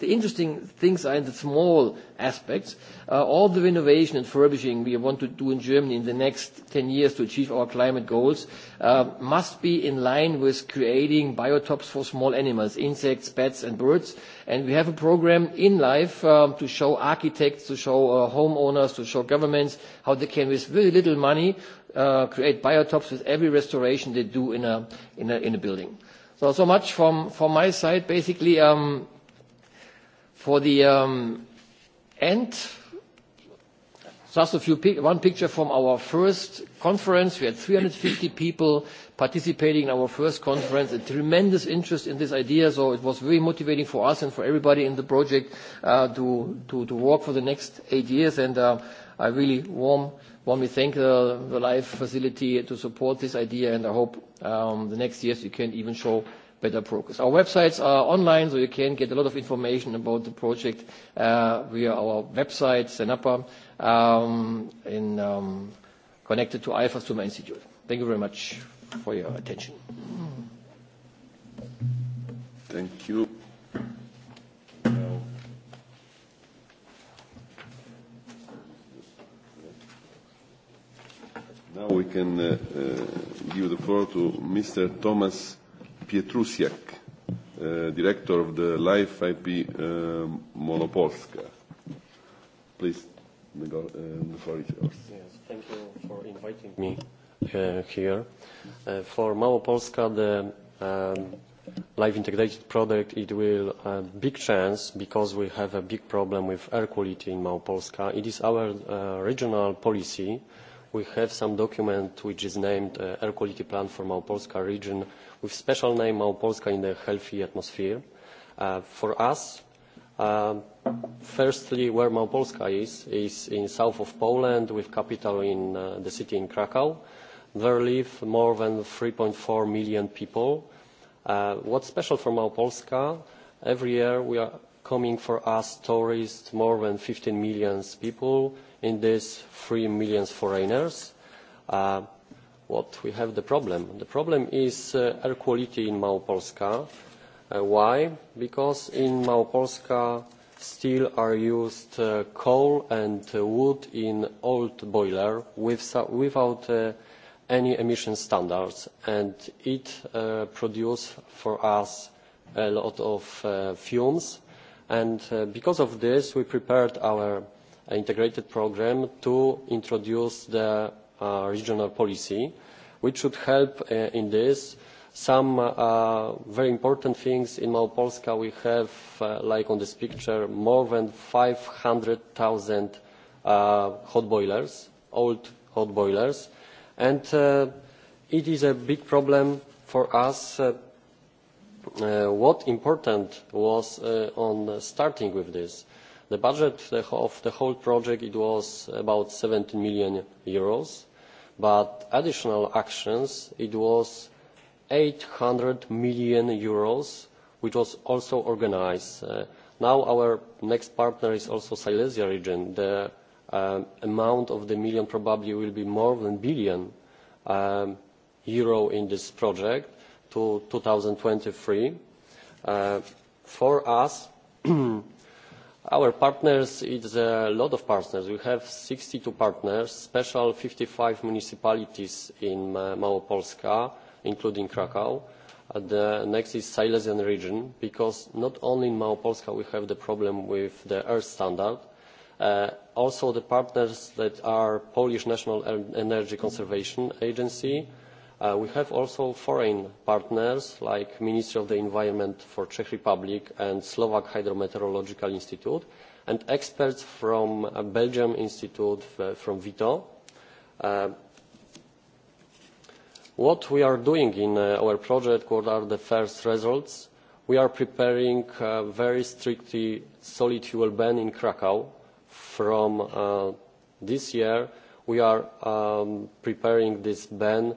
The interesting things are in the small aspects. Uh, all the renovation and furbishing we want to do in Germany in the next 10 years to achieve our climate goals uh, must be in line with creating biotops for small animals, insects, bats, and birds. And we have a program in life um, to show architects, to show uh, homeowners, to show governments how they can, with very little money, create biotops with every restoration they do in a, in a, in a building. So, so much from, from my side. Basically, um, For the um, end, just a few one picture from our first conference. We had 350 people participating in our first conference. A tremendous interest in this idea, so it was very motivating for us and for everybody in the project uh, to, work for the next eight years. And uh, I really warm, warmly thank the, LIFE facility to support this idea, and I hope um, the next years we can even show better progress. Our websites are online, so you can get a lot of information about the project uh, via our website, CENAPA, um, um, connected to IFA Tumor Institute. Thank you very much for your attention. Thank you. Now. we can uh, uh, give the floor to Mr. Thomas Pietrusiak, uh, director of the Life IP uh, eh, Monopolska. Please, the, go, uh, the floor is yours. Yes, thank you for inviting me uh, here. Uh, for Małopolska, the um, live integrated product, it will a uh, big chance because we have a big problem with air quality in Małopolska. It is our uh, regional policy we have some document which is named uh, Air Quality Plan for Małopolska region with special name Małopolska in the Healthy Atmosphere. Uh, for us, uh, firstly, where Małopolska is, is in south of Poland with capital in the city in Krakow. There live more than 3.4 million people. what's special for Małopolska, every year we are coming for us tourists, more than 15 million people in these three million foreigners. Uh, what we have the problem? The problem is uh, air quality in Małopolska. Uh, why? Because in Małopolska still are used uh, coal and wood in old boiler with, without any emission standards and it produces for us a lot of fumes and because of this we prepared our integrated programme to introduce the uh, regional policy which should help uh, in this. Some uh, very important things in Małopolska we have, like on this picture, more than 500,000 hot boilers, old hot boilers, and it is a big problem for us. What important was on starting with this? the budget of the whole project it was about eur seventeen million Euros, but additional actions it was eight hundred million Euros, which was also organized. Uh, now our next partner is also Silesia region. The uh, amount of the million probably will be more than a billion um, euro in this project to two thousand twenty three. Uh, for us <clears throat> Our partners, it's a lot of partners. We have 62 partners, special 55 municipalities in Małopolska, including Krakow. Uh, the next is Silesian region, because not only in Małopolska we have the problem with the air standard, uh, also the partners that are Polish National Energy Conservation Agency, Uh, we have also foreign partners like ministry of the environment for czech republic and slovak hydrometeorological institute and experts from the uh, belgium institute uh, from vito what we are doing in our project what are the first results we are preparing a very strictly solid fuel ban in krakow from this year we are um, preparing this ban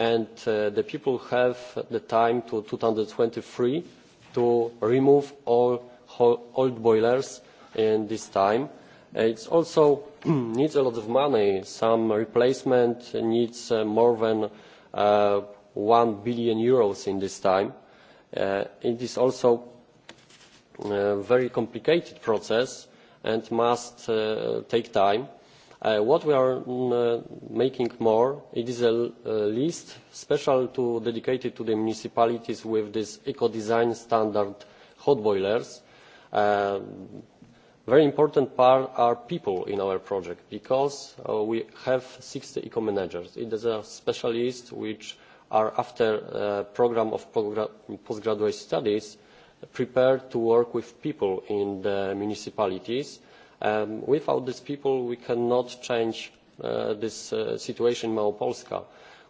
and uh, the people have the time to twenty three to remove all old boilers in this time. Uh, it also <clears throat> needs a lot of money. Some replacement needs uh, more than uh, 1 billion euros in this time. It is also a very complicated process and must take time Uh, what we are mm, uh, making more it is a, list special to, dedicated to the municipalities with these eco design standard hot boilers. a uh, very important part are people in our project because we have sixty eco managers. it is a specialist which are after a programme of postgraduate studies prepared to work with people in the municipalities Um, without these people we cannot change uh, this uh, situation in Małopolska.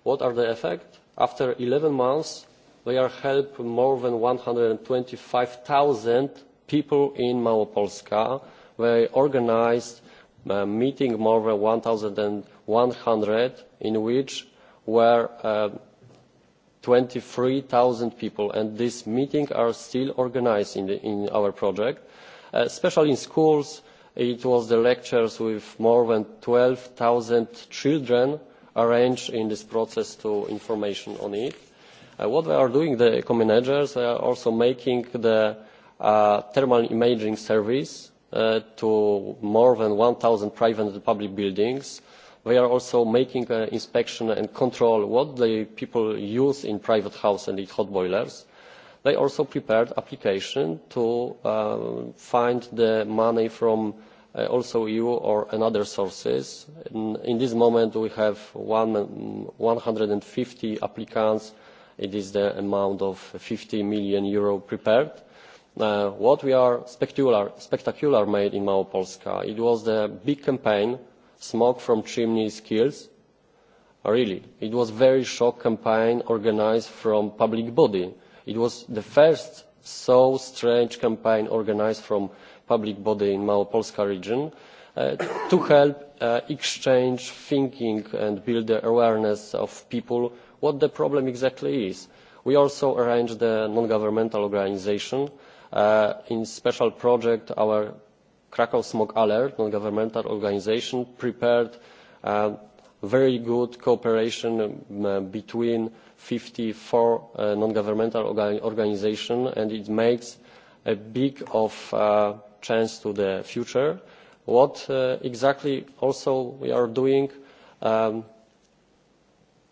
What are the effects? After eleven months they are helped more than one hundred and twenty five zero people in Małopolska. They organised a uh, meeting more than one one thousand hundred in which were um, three zero people and this meeting are still organised in, in our project, especially in schools It was the lectures with more than 12,000 children arranged in this process to information on it. Uh, what they are doing, the eco managers, they are also making the uh, thermal imaging service uh, to more than 1,000 private and public buildings. They are also making uh, inspection and control what the people use in private house and in hot boilers. They also prepared application to uh, find the money from Uh, also eu or another sources. In, this moment we have one hundred and fifty applicants it is the amount of eur fifty million Euro prepared. Uh, what we are spectacular, spectacular made in małopolska it was the big campaign smoke from chimneys kills'. really it was a very shock campaign organised from public body. it was the first so strange campaign organised from public body in Małopolska region e, to help e, exchange thinking and build the awareness of people what the problem exactly is. We also arranged a non governmental organisation e, in special project our Krakow Smog Alert non governmental organisation prepared very good cooperation between fifty four non governmental organisations and it makes a big of chance to the future what uh, exactly also we are doing um,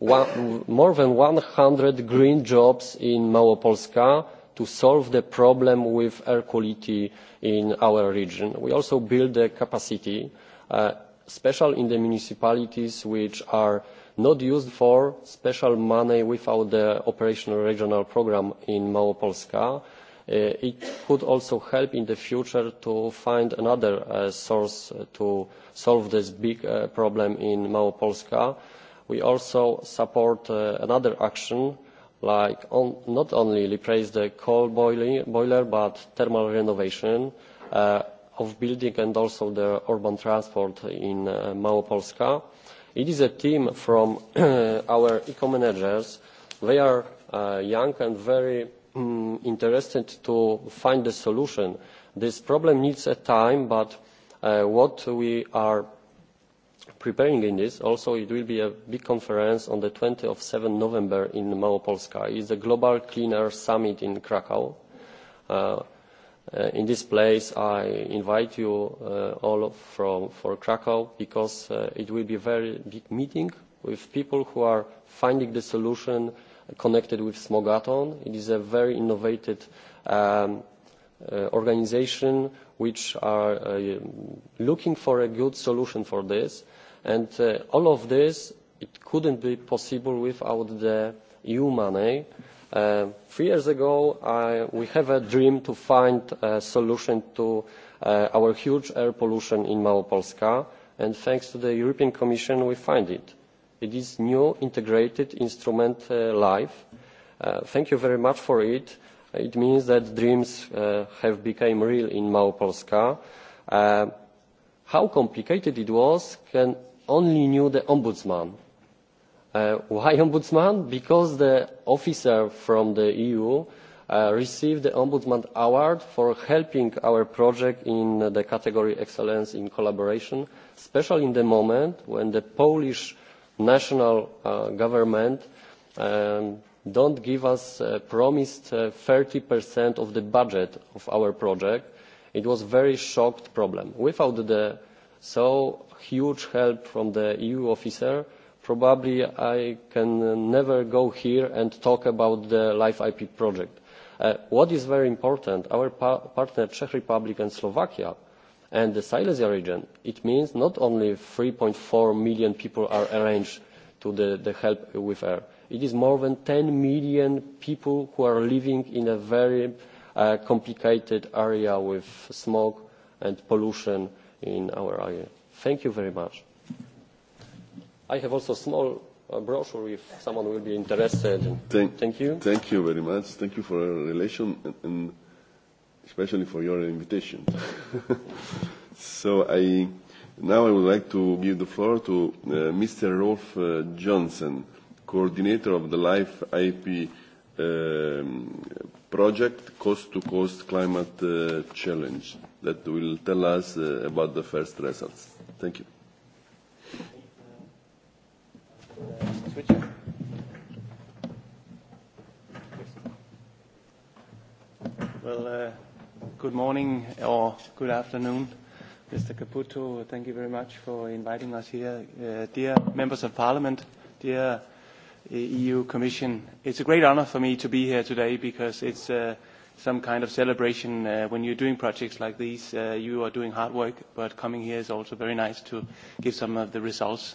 more than 100 green jobs in Małopolska to solve the problem with air quality in our region. We also build the capacity, uh, special in the municipalities which are not used for special money without the operational regional program in Małopolska Uh, it could also help in the future to find another uh, source uh, to solve this big problem in małopolska. we also support another action like not only replace the coal boiler but thermal renovation of building and also the urban transport in uh, Małopolska. It is a team from <coughs> our eco-managers. They are young and very Mm, interested to find a solution. This problem needs a time, but uh, what we are preparing in this also it will be a big conference on the 20 of 7 November in Małopolska. It is a global clean summit in Krakow. Uh, uh, in this place i invite you uh, all from for krakow because it will be a very big meeting with people who are finding the solution connected with Smogaton. It is a very innovative um, uh, organization which are uh, looking for a good solution for this. And uh, all of this, it couldn't be possible without the EU money. three years ago, I, we have a dream to find a solution to our huge air pollution in Małopolska. And thanks to the European Commission, we find it it is new integrated instrument uh, life. Uh, thank you very much for it. It means that dreams uh, have become real in Małopolska. how complicated it was can only knew the ombudsman. Uh, why <laughs> ombudsman? Because the officer from the EU received the Ombudsman Award for helping our project in the category Excellence in Collaboration, especially in the moment when the Polish national uh, government um, don't give us uh, promised uh, 30% of the budget of our project. It was a very shocked problem. Without the so huge help from the EU officer, probably I can uh, never go here and talk about the LIFE IP project. Uh, what is very important, our pa partner Czech Republic and Slovakia and the silesia region it means not only. 3.4 million people are arranged to the, the help with air it is more than 10 million people who are living in a very uh, complicated area with smoke and pollution in our area. thank you very much. i have also a small uh, brochure if someone will be interested. thank, thank you. thank you very much. thank you for your relation. And, and especially for your invitation. <laughs> so I now I would like to give the floor to uh, Mr. Rolf uh, Johnson, coordinator of the Life IP um, project Coast to Coast Climate uh, Challenge, that will tell us uh, about the first results. Thank you. Well, uh, Good morning or good afternoon, Mr. Caputo. Thank you very much for inviting us here. Uh, dear members of parliament, dear uh, EU Commission, it's a great honor for me to be here today because it's uh, some kind of celebration. Uh, when you're doing projects like these, uh, you are doing hard work, but coming here is also very nice to give some of the results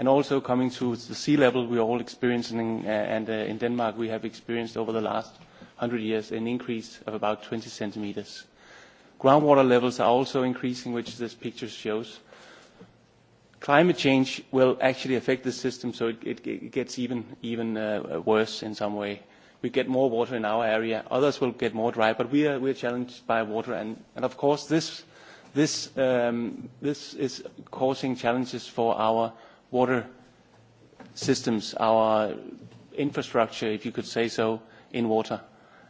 and also coming to the sea level we are all experiencing, uh, and uh, in Denmark we have experienced over the last 100 years an increase of about 20 centimeters. Groundwater levels are also increasing, which this picture shows. Climate change will actually affect the system, so it, gets even, uh, worse in some way. We get more water in our area. Others will get more dry, but we are, challenged by water. And, of course, this, um, this is causing challenges for our water systems, our infrastructure, if you could say so, in water.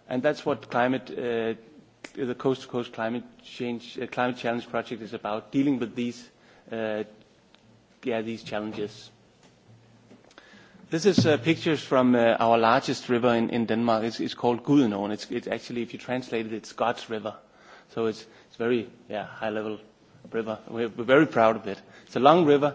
And that's what climate, uh, the Coast to Coast Climate Change, uh, Climate Challenge Project is about, dealing with these, uh, yeah, these challenges. This is pictures from our largest river in, in Denmark. It's, called Gudenåen. It's, it's actually, if you translate it, it's God's river. So it's, it's very yeah, high-level river. we're very proud of it. It's a long river,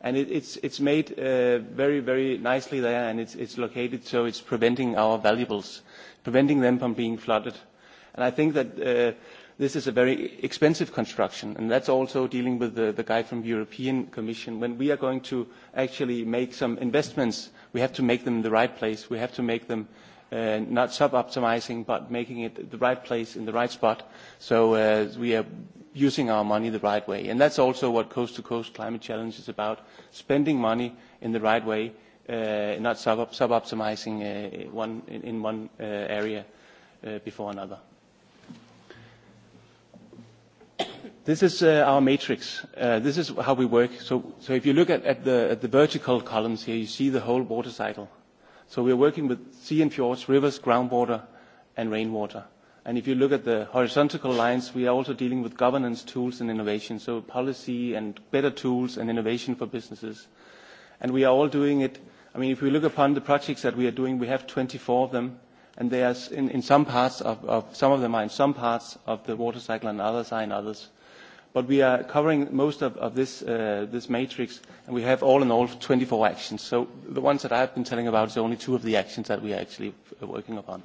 and it, it's, it's made uh, very, very nicely there, and it's, it's located so it's preventing our valuables, preventing them from being flooded. And I think that uh, this is a very expensive construction, and that's also dealing with the, the guy from the European Commission. When we are going to actually make some investments, we have to make them in the right place. We have to make them uh, not sub-optimizing, but making it the right place in the right spot. So uh, we are using our money the right way. And that's also what Coast to Coast Climate Challenge is about, spending money in the right way, uh, not sub-optimizing sub, uh, one, in, in one uh, area uh, before another. This is uh, our matrix. Uh, this is how we work. So, so if you look at, at, the, at the vertical columns here, you see the whole water cycle. So we're working with sea and fjords, rivers, groundwater, and rainwater. And if you look at the horizontal lines, we are also dealing with governance tools and innovation, so policy and better tools and innovation for businesses. And we are all doing it. I mean, if we look upon the projects that we are doing, we have 24 of them, and they are in, some parts of, some of them are in some parts of the water cycle and others are in others. But we are covering most of, uh, this, matrix, and we have all in all 24 actions. So the ones that I have been telling about is only two of the actions that we are actually uh, working upon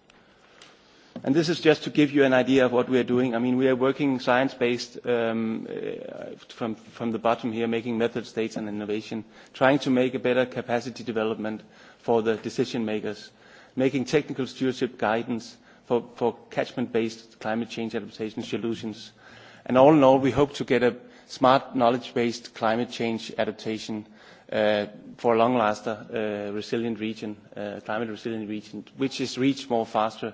And this is just to give you an idea of what we are doing. I mean, we are working science-based um, uh, from, the bottom here, making method states and innovation, trying to make a better capacity development for the decision makers, making technical stewardship guidance for, catchment-based climate change adaptation solutions. And all in all, we hope to get a smart, knowledge-based climate change adaptation uh, for a long-lasting, uh, resilient region, climate resilient region, which is reached more faster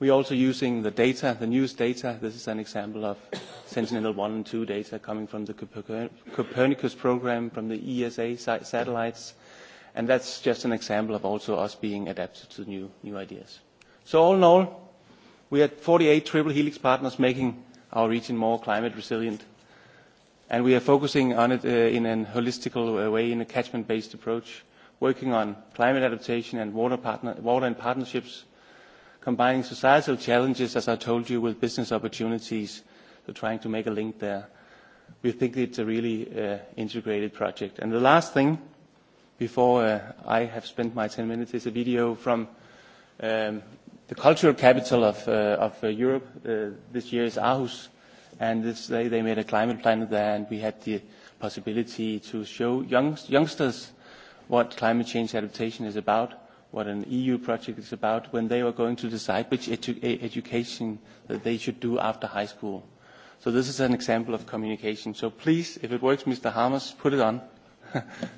We're also using the data, the news data. This is an example of Sentinel-1 and 2 data coming from the Copernicus program, from the ESA satellites. And that's just an example of also us being adapted to new, new ideas. So all in all, we had 48 triple helix partners making our region more climate resilient. And we are focusing on it uh, in a holistical uh, way, in a catchment-based approach, working on climate adaptation and water, water and partnerships, combining societal challenges, as I told you, with business opportunities. So trying to make a link there. We think it's a really uh, integrated project. And the last thing, before uh, I have spent my 10 minutes, is a video from um, the cultural capital of, uh, of Europe. this year is Aarhus, and they, they made a climate plan there, and we had the possibility to show youngsters what climate change adaptation is about what an EU project is about when they are going to decide which edu e, education that they should do after high school. So this is an example of communication. So please, if it works, Mr. Hamas, put it on. <laughs>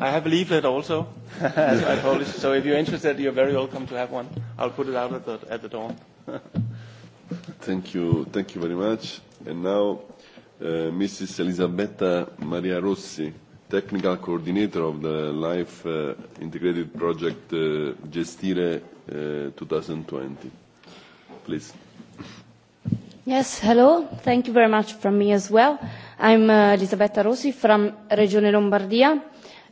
I have a leaflet also, <laughs> as I Polish, so if you're interested, you're very welcome to have one. I'll put it out at the, at the door. <laughs> thank you, thank you very much. And now, uh, Mrs. Elisabetta Maria Rossi, Technical Coordinator of the Life uh, Integrated Project uh, Gestire uh, 2020. Please. Yes, hello. Thank you very much from me as well. I'm uh, Elisabetta Rossi from Regione Lombardia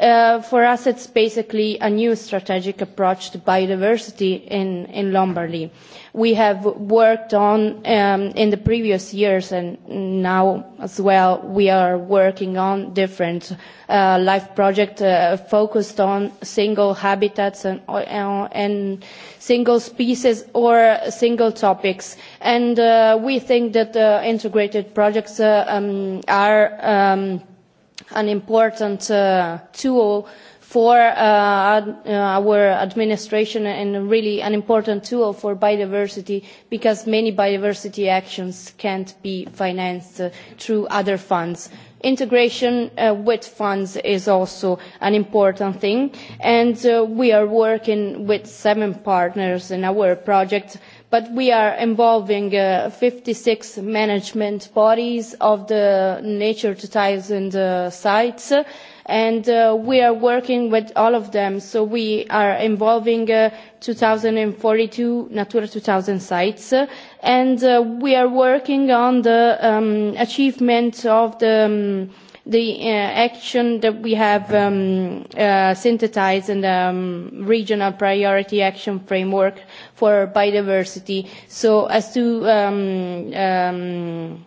Uh, for us, it's basically a new strategic approach to biodiversity in, in Lombardy. We have worked on um, in the previous years and now as well, we are working on different uh, life projects uh, focused on single habitats and, single species or single topics. And we think that integrated projects um, are um, an important uh, tool for uh, uh, our administration and really an important tool for biodiversity because many biodiversity actions can't be financed uh, through other funds. Integration uh, with funds is also an important thing and uh, we are working with seven partners in our project but we are involving uh, 56 management bodies of the Nature 2000 uh, sites and uh, we are working with all of them. So we are involving uh, 2042 Natura 2000 sites and uh, we are working on the um, achievement of the um, the uh, action that we have um, uh, synthesized in the um, regional priority action framework for biodiversity so as to um, um,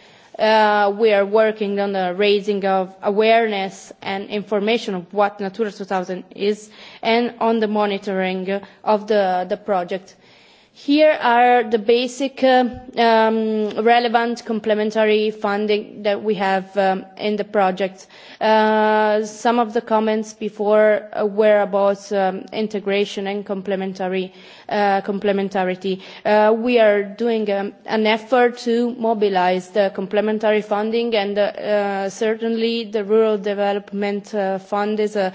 Uh, we are working on the raising of awareness and information of what Natura 2000 is and on the monitoring of the project Here are the basic uh, um, relevant complementary funding that we have um, in the project. Uh, some of the comments before uh, were about um, integration and complementary, complementarity. We are doing an effort to mobilize the complementary funding and certainly the Rural Development Fund is a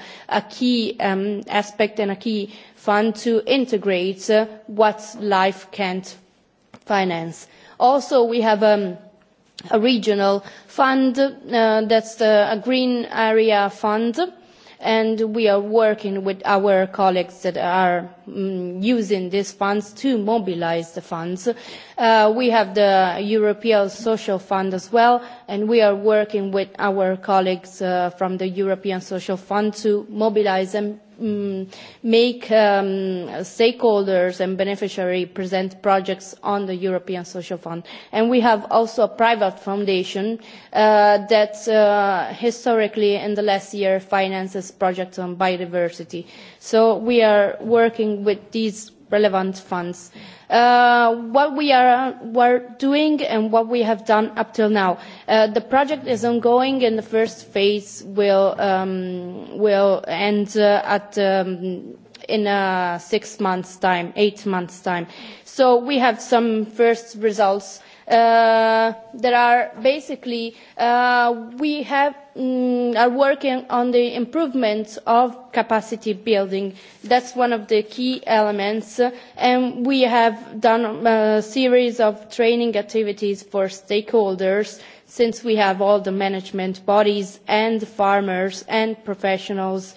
key aspect and a key fund to integrate uh, what life can't finance. Also, we have um, a regional fund, uh, that's the, a green area fund, and we are working with our colleagues that are Mm, using these funds to mobilize the funds. Uh, we have the European Social Fund as well, and we are working with our colleagues uh, from the European Social Fund to mobilize and mm, make um, stakeholders and beneficiaries present projects on the European Social Fund. And we have also a private foundation uh, that historically in the last year finances projects on biodiversity. So we are working with these relevant funds. Uh, what we are were doing and what we have done up till now. Uh, the project is ongoing and the first phase will um, will end uh, at um, in a uh, six months time, eight months time. So we have some first results Uh, there are basically uh, we have mm, are working on the improvements of capacity building. That's one of the key elements, and we have done a series of training activities for stakeholders since we have all the management bodies and farmers and professionals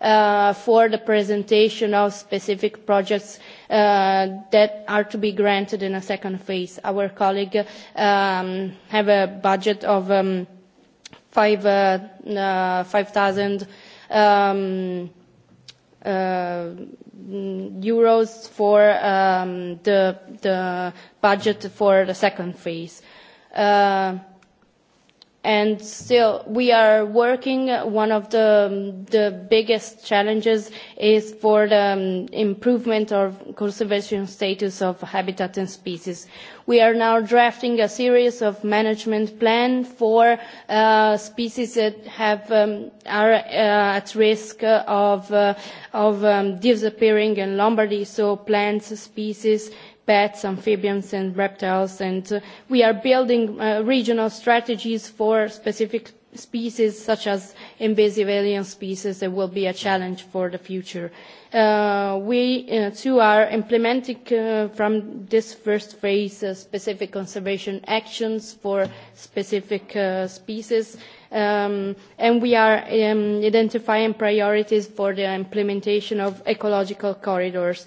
uh, for the presentation of specific projects uh, that are to be granted in a second phase. Our colleague um, have a budget of 5,000 um, uh, 5, uh, um, uh, euros for um, the, the budget for the second phase. Uh, and still we are working uh, one of the um, the biggest challenges is for the um, improvement of conservation status of habitat and species we are now drafting a series of management plans for uh, species that have um, are uh, at risk of of disappearing in lombardy so plants species pets, amphibians and reptiles, and uh, we are building uh, regional strategies for specific species such as invasive alien species that will be a challenge for the future. Uh, we too are implementing from this first phase specific conservation actions for specific species um, and we are um, identifying priorities for the implementation of ecological corridors.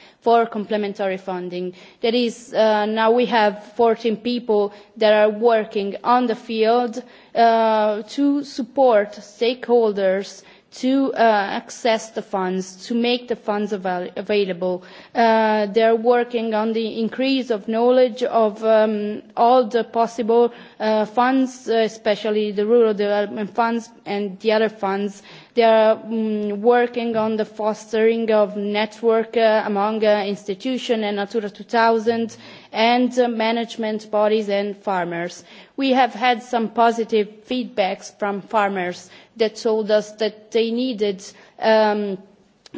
for complementary funding. That is, uh, now we have 14 people that are working on the field uh, to support stakeholders to uh, access the funds, to make the funds available. they are working on the increase of knowledge of um, all the possible funds, especially the rural development funds and the other funds They are mm, working on the fostering of network uh, among uh, institutions and Natura 2000 and uh, management bodies and farmers. We have had some positive feedbacks from farmers that told us that they needed um,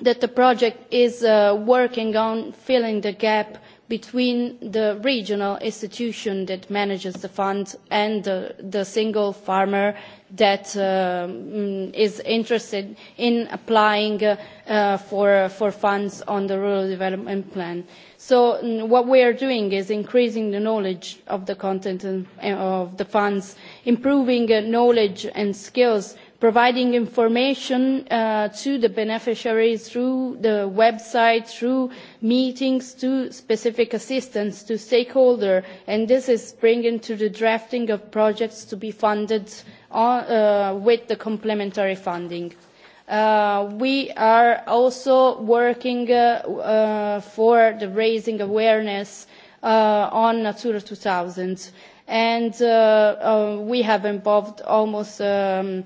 that the project is working on filling the gap between the regional institution that manages the fund and the single farmer that uh, mm, is interested in applying uh, for, for funds on the rural development plan. So mm, what we are doing is increasing the knowledge of the content and, of the funds, improving uh, knowledge and skills providing information uh, to the beneficiaries through the website, through meetings, to specific assistance to stakeholders, and this is bringing to the drafting of projects to be funded on, uh, uh, with the complementary funding. Uh, we are also working uh, uh, for the raising awareness uh, on Natura 2000. And uh, we have involved almost um,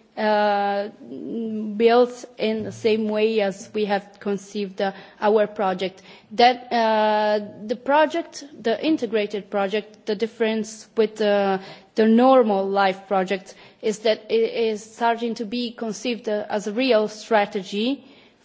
Uh, built in the same way as we have conceived uh, our project. That uh, the project, the integrated project, the difference with the, the normal life project is that it is starting to be conceived uh, as a real strategy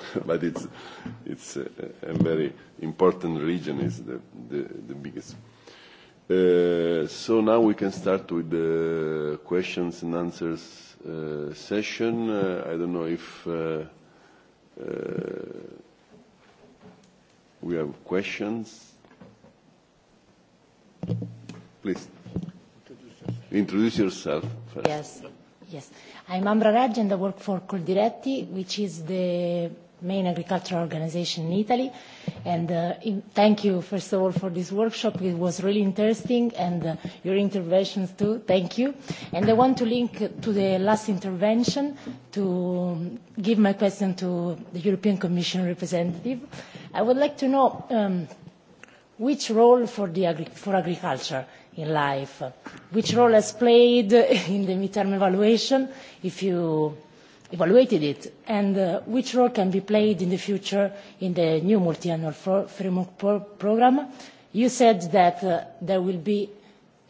<laughs> but it's it's a, a very important region is the the, the biggest uh, so now we can start with the questions and answers uh, session uh, i don't know if uh, uh, we have questions please introduce yourself first. yes yes i'm ambra raj and i work for coldiretti which is the main agricultural organization in Italy. And uh, in, thank you, first of all, for this workshop. It was really interesting, and uh, your interventions too. Thank you. And I want to link to the last intervention to um, give my question to the European Commission representative. I would like to know um, which role for, the agri for agriculture in life, which role has played <laughs> in the midterm evaluation, if you evaluated it and uh, which role can be played in the future in the new multiannual framework pro program. You said that uh, there will be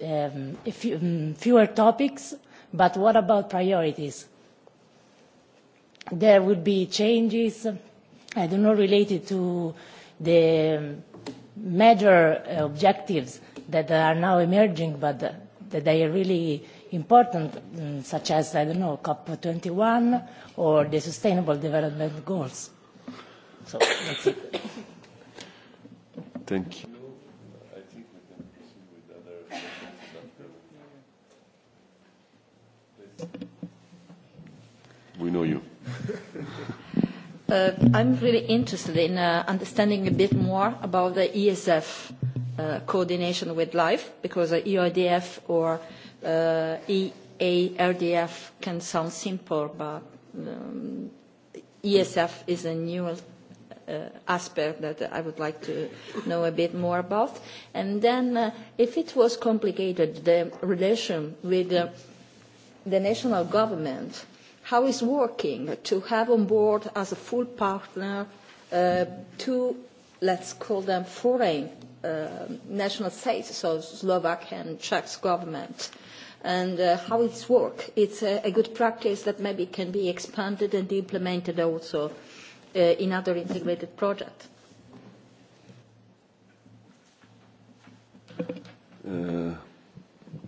um, a few, um, fewer topics, but what about priorities? There will be changes, I don't know, related to the major uh, objectives that are now emerging, but that they are really important, mm, such as, I don't know, COP21 or the Sustainable Development Goals. So that's it. Thank you. We know you. <laughs> uh, I'm really interested in uh, understanding a bit more about the ESF uh, coordination with life because the EIDF or Uh, EARDF can sound simple, but um, ESF is a new uh, aspect that I would like to know a bit more about. And then uh, if it was complicated, the relation with uh, the national government, how is working to have on board as a full partner two, let's call them foreign national states, so Slovak and Czech government and uh, how it work. It's a, good practice that maybe can be expanded and implemented also uh, in other integrated projects. Uh,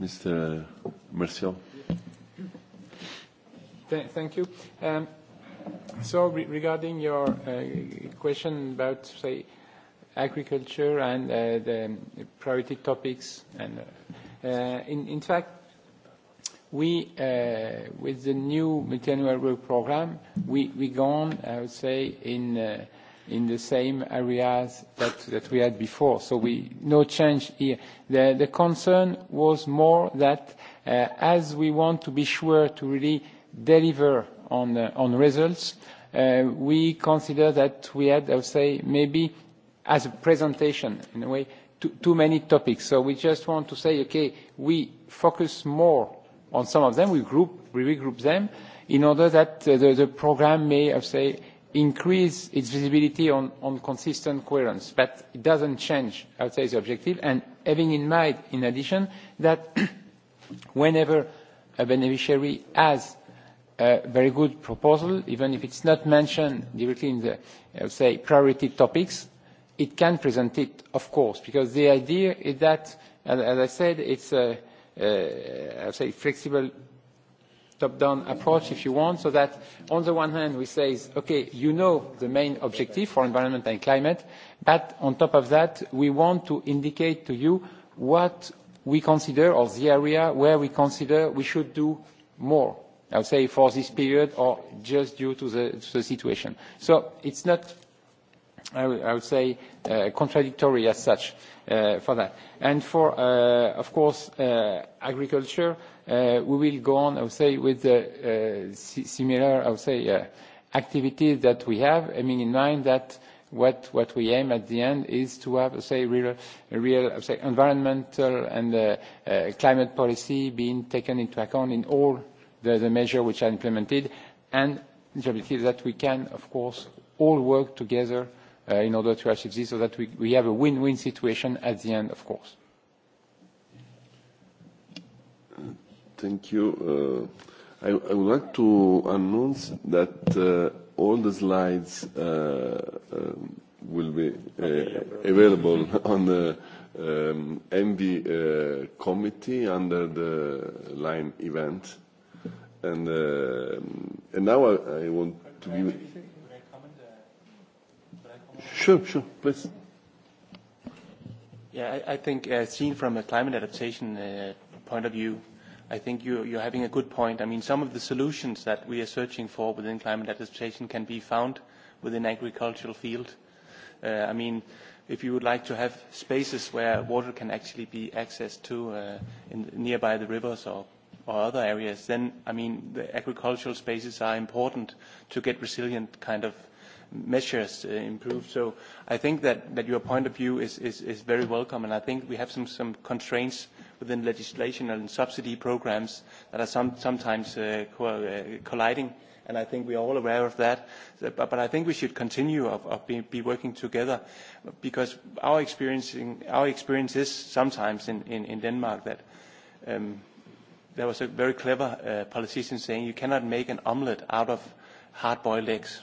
Mr. Marcel. thank you. Um, so regarding your question about, say, agriculture and the priority topics, and in, in fact, we, uh, with the new multi-annual growth program, we, we gone, I would say, in, uh, in the same areas that, that we had before. So we, no change here. The, the concern was more that uh, as we want to be sure to really deliver on, uh, on results, uh, we consider that we had, I would say, maybe as a presentation, in a way, too, too many topics. So we just want to say, okay, we focus more on some of them. We group, we regroup them in order that uh, the, the program may, I say, increase its visibility on, on consistent coherence. But it doesn't change, I would say, the objective. And having in mind, in addition, that <coughs> whenever a beneficiary has a very good proposal, even if it's not mentioned directly in the, I would say, priority topics, it can present it, of course, because the idea is that, as I said, it's a a uh, say, flexible top-down approach, if you want, so that on the one hand we say, okay, you know the main objective for environment and climate, but on top of that we want to indicate to you what we consider or the area where we consider we should do more, I would say for this period or just due to the, to the situation. So it's not i would, I would say uh, contradictory as such uh, for that. And for, uh, of course, agriculture, we will go on, I would say, with the similar, I would say, activities that we have, having in mind that what, what we aim at the end is to have, say, real, say, environmental and climate policy being taken into account in all the, the measures which are implemented, and the objective that we can, of course, all work together Uh, in order to achieve this so that we, we have a win-win situation at the end, of course. Thank you. Uh, I, I would like to announce that uh, all the slides uh, uh will be uh, available <laughs> on the um, MV uh, committee under the line event. And, uh, and now I, I want to give... Sure, sure, please. Yeah, I, I think uh, seen from a climate adaptation uh, point of view, I think you, you're having a good point. I mean, some of the solutions that we are searching for within climate adaptation can be found within agricultural field. Uh, I mean, if you would like to have spaces where water can actually be accessed to in, nearby the rivers or, or other areas, then, I mean, the agricultural spaces are important to get resilient kind of measures uh, improved. So I think that, that your point of view is, is, is very welcome, and I think we have some, some constraints within legislation and subsidy programs that are some, sometimes uh, uh, colliding, and I think we are all aware of that. But, I think we should continue of, of be, working together, because our, experiencing, our experience is sometimes in, in, in Denmark that um, there was a very clever politician saying you cannot make an omelette out of hard-boiled eggs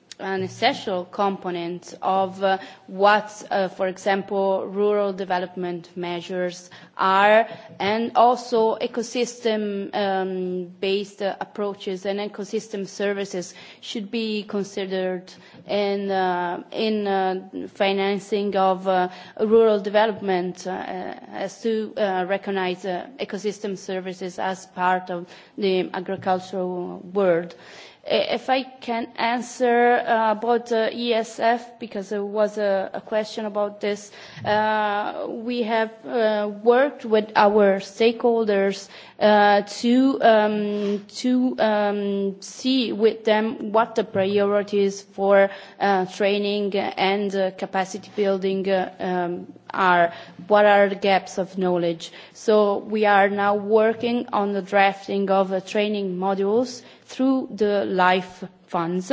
an essential component of uh, what, uh, for example, rural development measures are, and also ecosystem-based um, approaches and ecosystem services should be considered in, uh, in uh, financing of uh, rural development as to recognize ecosystem services as part of the agricultural world. If I can answer uh, about the ESF, because there was a, question about this, uh, we have uh, worked with our stakeholders to, um, to um, see with them what the priorities for training and capacity building um, are, what are the gaps of knowledge. So we are now working on the drafting of training modules through the life funds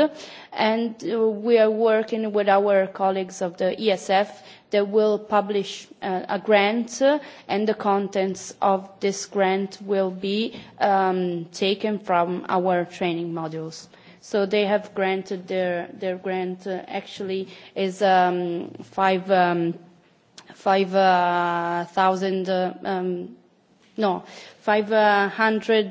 and uh, we are working with our colleagues of the esf that will publish uh, a grant uh, and the contents of this grant will be um, taken from our training modules so they have granted their their grant actually is um, five um, five thousand um, no five hundred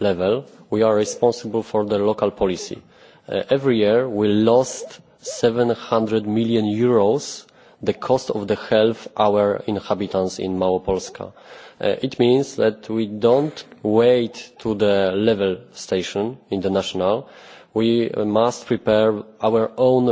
level we are responsible for the local policy. Uh, every year we lost eur seven hundred million the cost of the health of our inhabitants in Małopolska. Uh, it means that we do not wait to the level station international. We uh, must prepare our own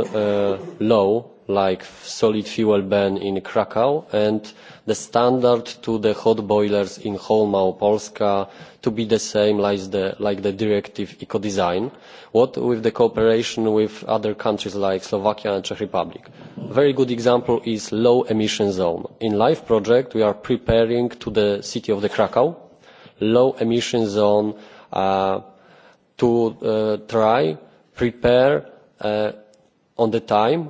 law like solid fuel ban in krakow and the standard to the hot boilers in Holma or Polska to be the same like the, like the directive ecodesign what with the cooperation with other countries like Slovakia and Czech Republic a very good example is low emission zone in life project we are preparing to the city of the Krakow low emission zone uh, to try uh, try prepare uh, on the time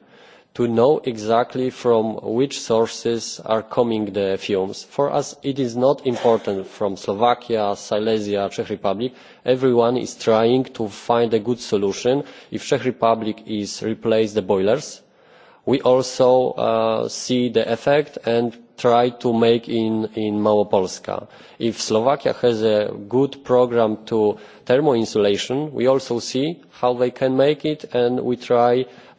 to know exactly from which sources are coming the fumes. for us it is not important from slovakia silesia czech republic everyone is trying to find a good solution. if czech republic is to replace the boilers we also uh, see the effect and try to make in in małopolska. if slovakia has a good programme to thermo insulation we also see how they can make it and we try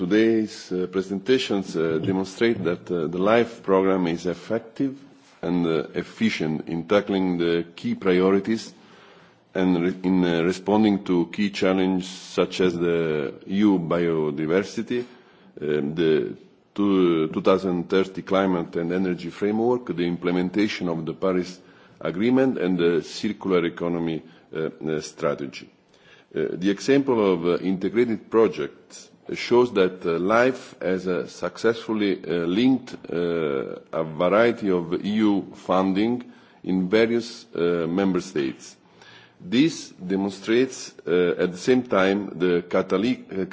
Today's uh, presentations uh, demonstrate that uh, the LIFE program is effective and uh, efficient in tackling the key priorities and re in uh, responding to key challenges such as the EU biodiversity, um, the two, 2030 climate and energy framework, the implementation of the Paris Agreement and the circular economy uh, strategy. The example of integrated projects shows that uh, life has uh, successfully uh, linked a variety of eu funding in various member states this demonstrates at the same time the catalytic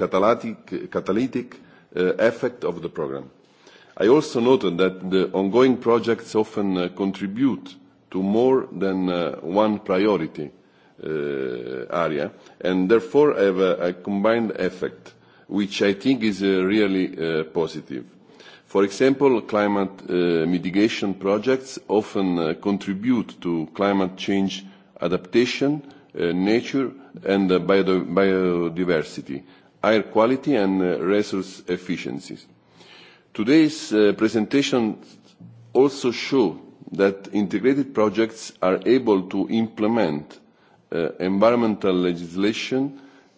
catalytic effect of the programme i also noted that the ongoing projects often contribute to more than one priority area and therefore have a combined effect which I think is uh, really uh, positive. For example, climate uh, mitigation projects often contribute to climate change adaptation, nature and biodiversity, air quality and resource efficiencies. Today's presentation also show that integrated projects are able to implement environmental legislation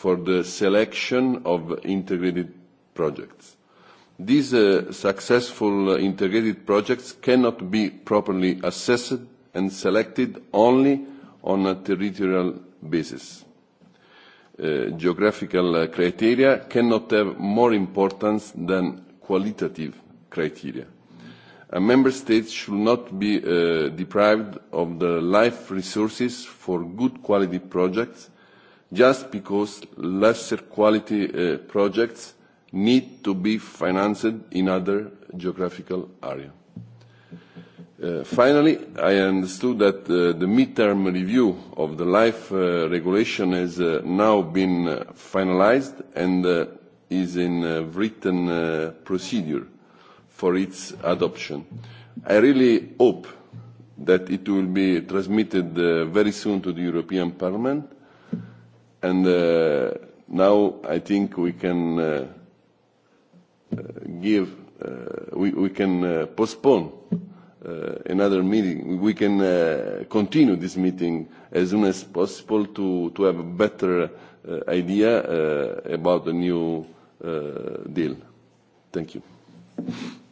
for the selection of integrated projects. These uh, successful uh, integrated projects cannot be properly assessed and selected only on a territorial basis. Uh, geographical uh, criteria cannot have more importance than qualitative criteria. A member state should not be uh, deprived of the life resources for good quality projects just because lesser quality uh, projects need to be financed in other geographical areas. Uh, finally, I understood that uh, the mid-term review of the life regulation has now been finalized and is in written procedure for its adoption. I really hope that it will be transmitted very soon to the European Parliament and uh, now I think we can uh, uh give, uh, we, we can postpone another meeting. We can continue this meeting as soon as possible to, to have a better idea about the new deal. Thank you.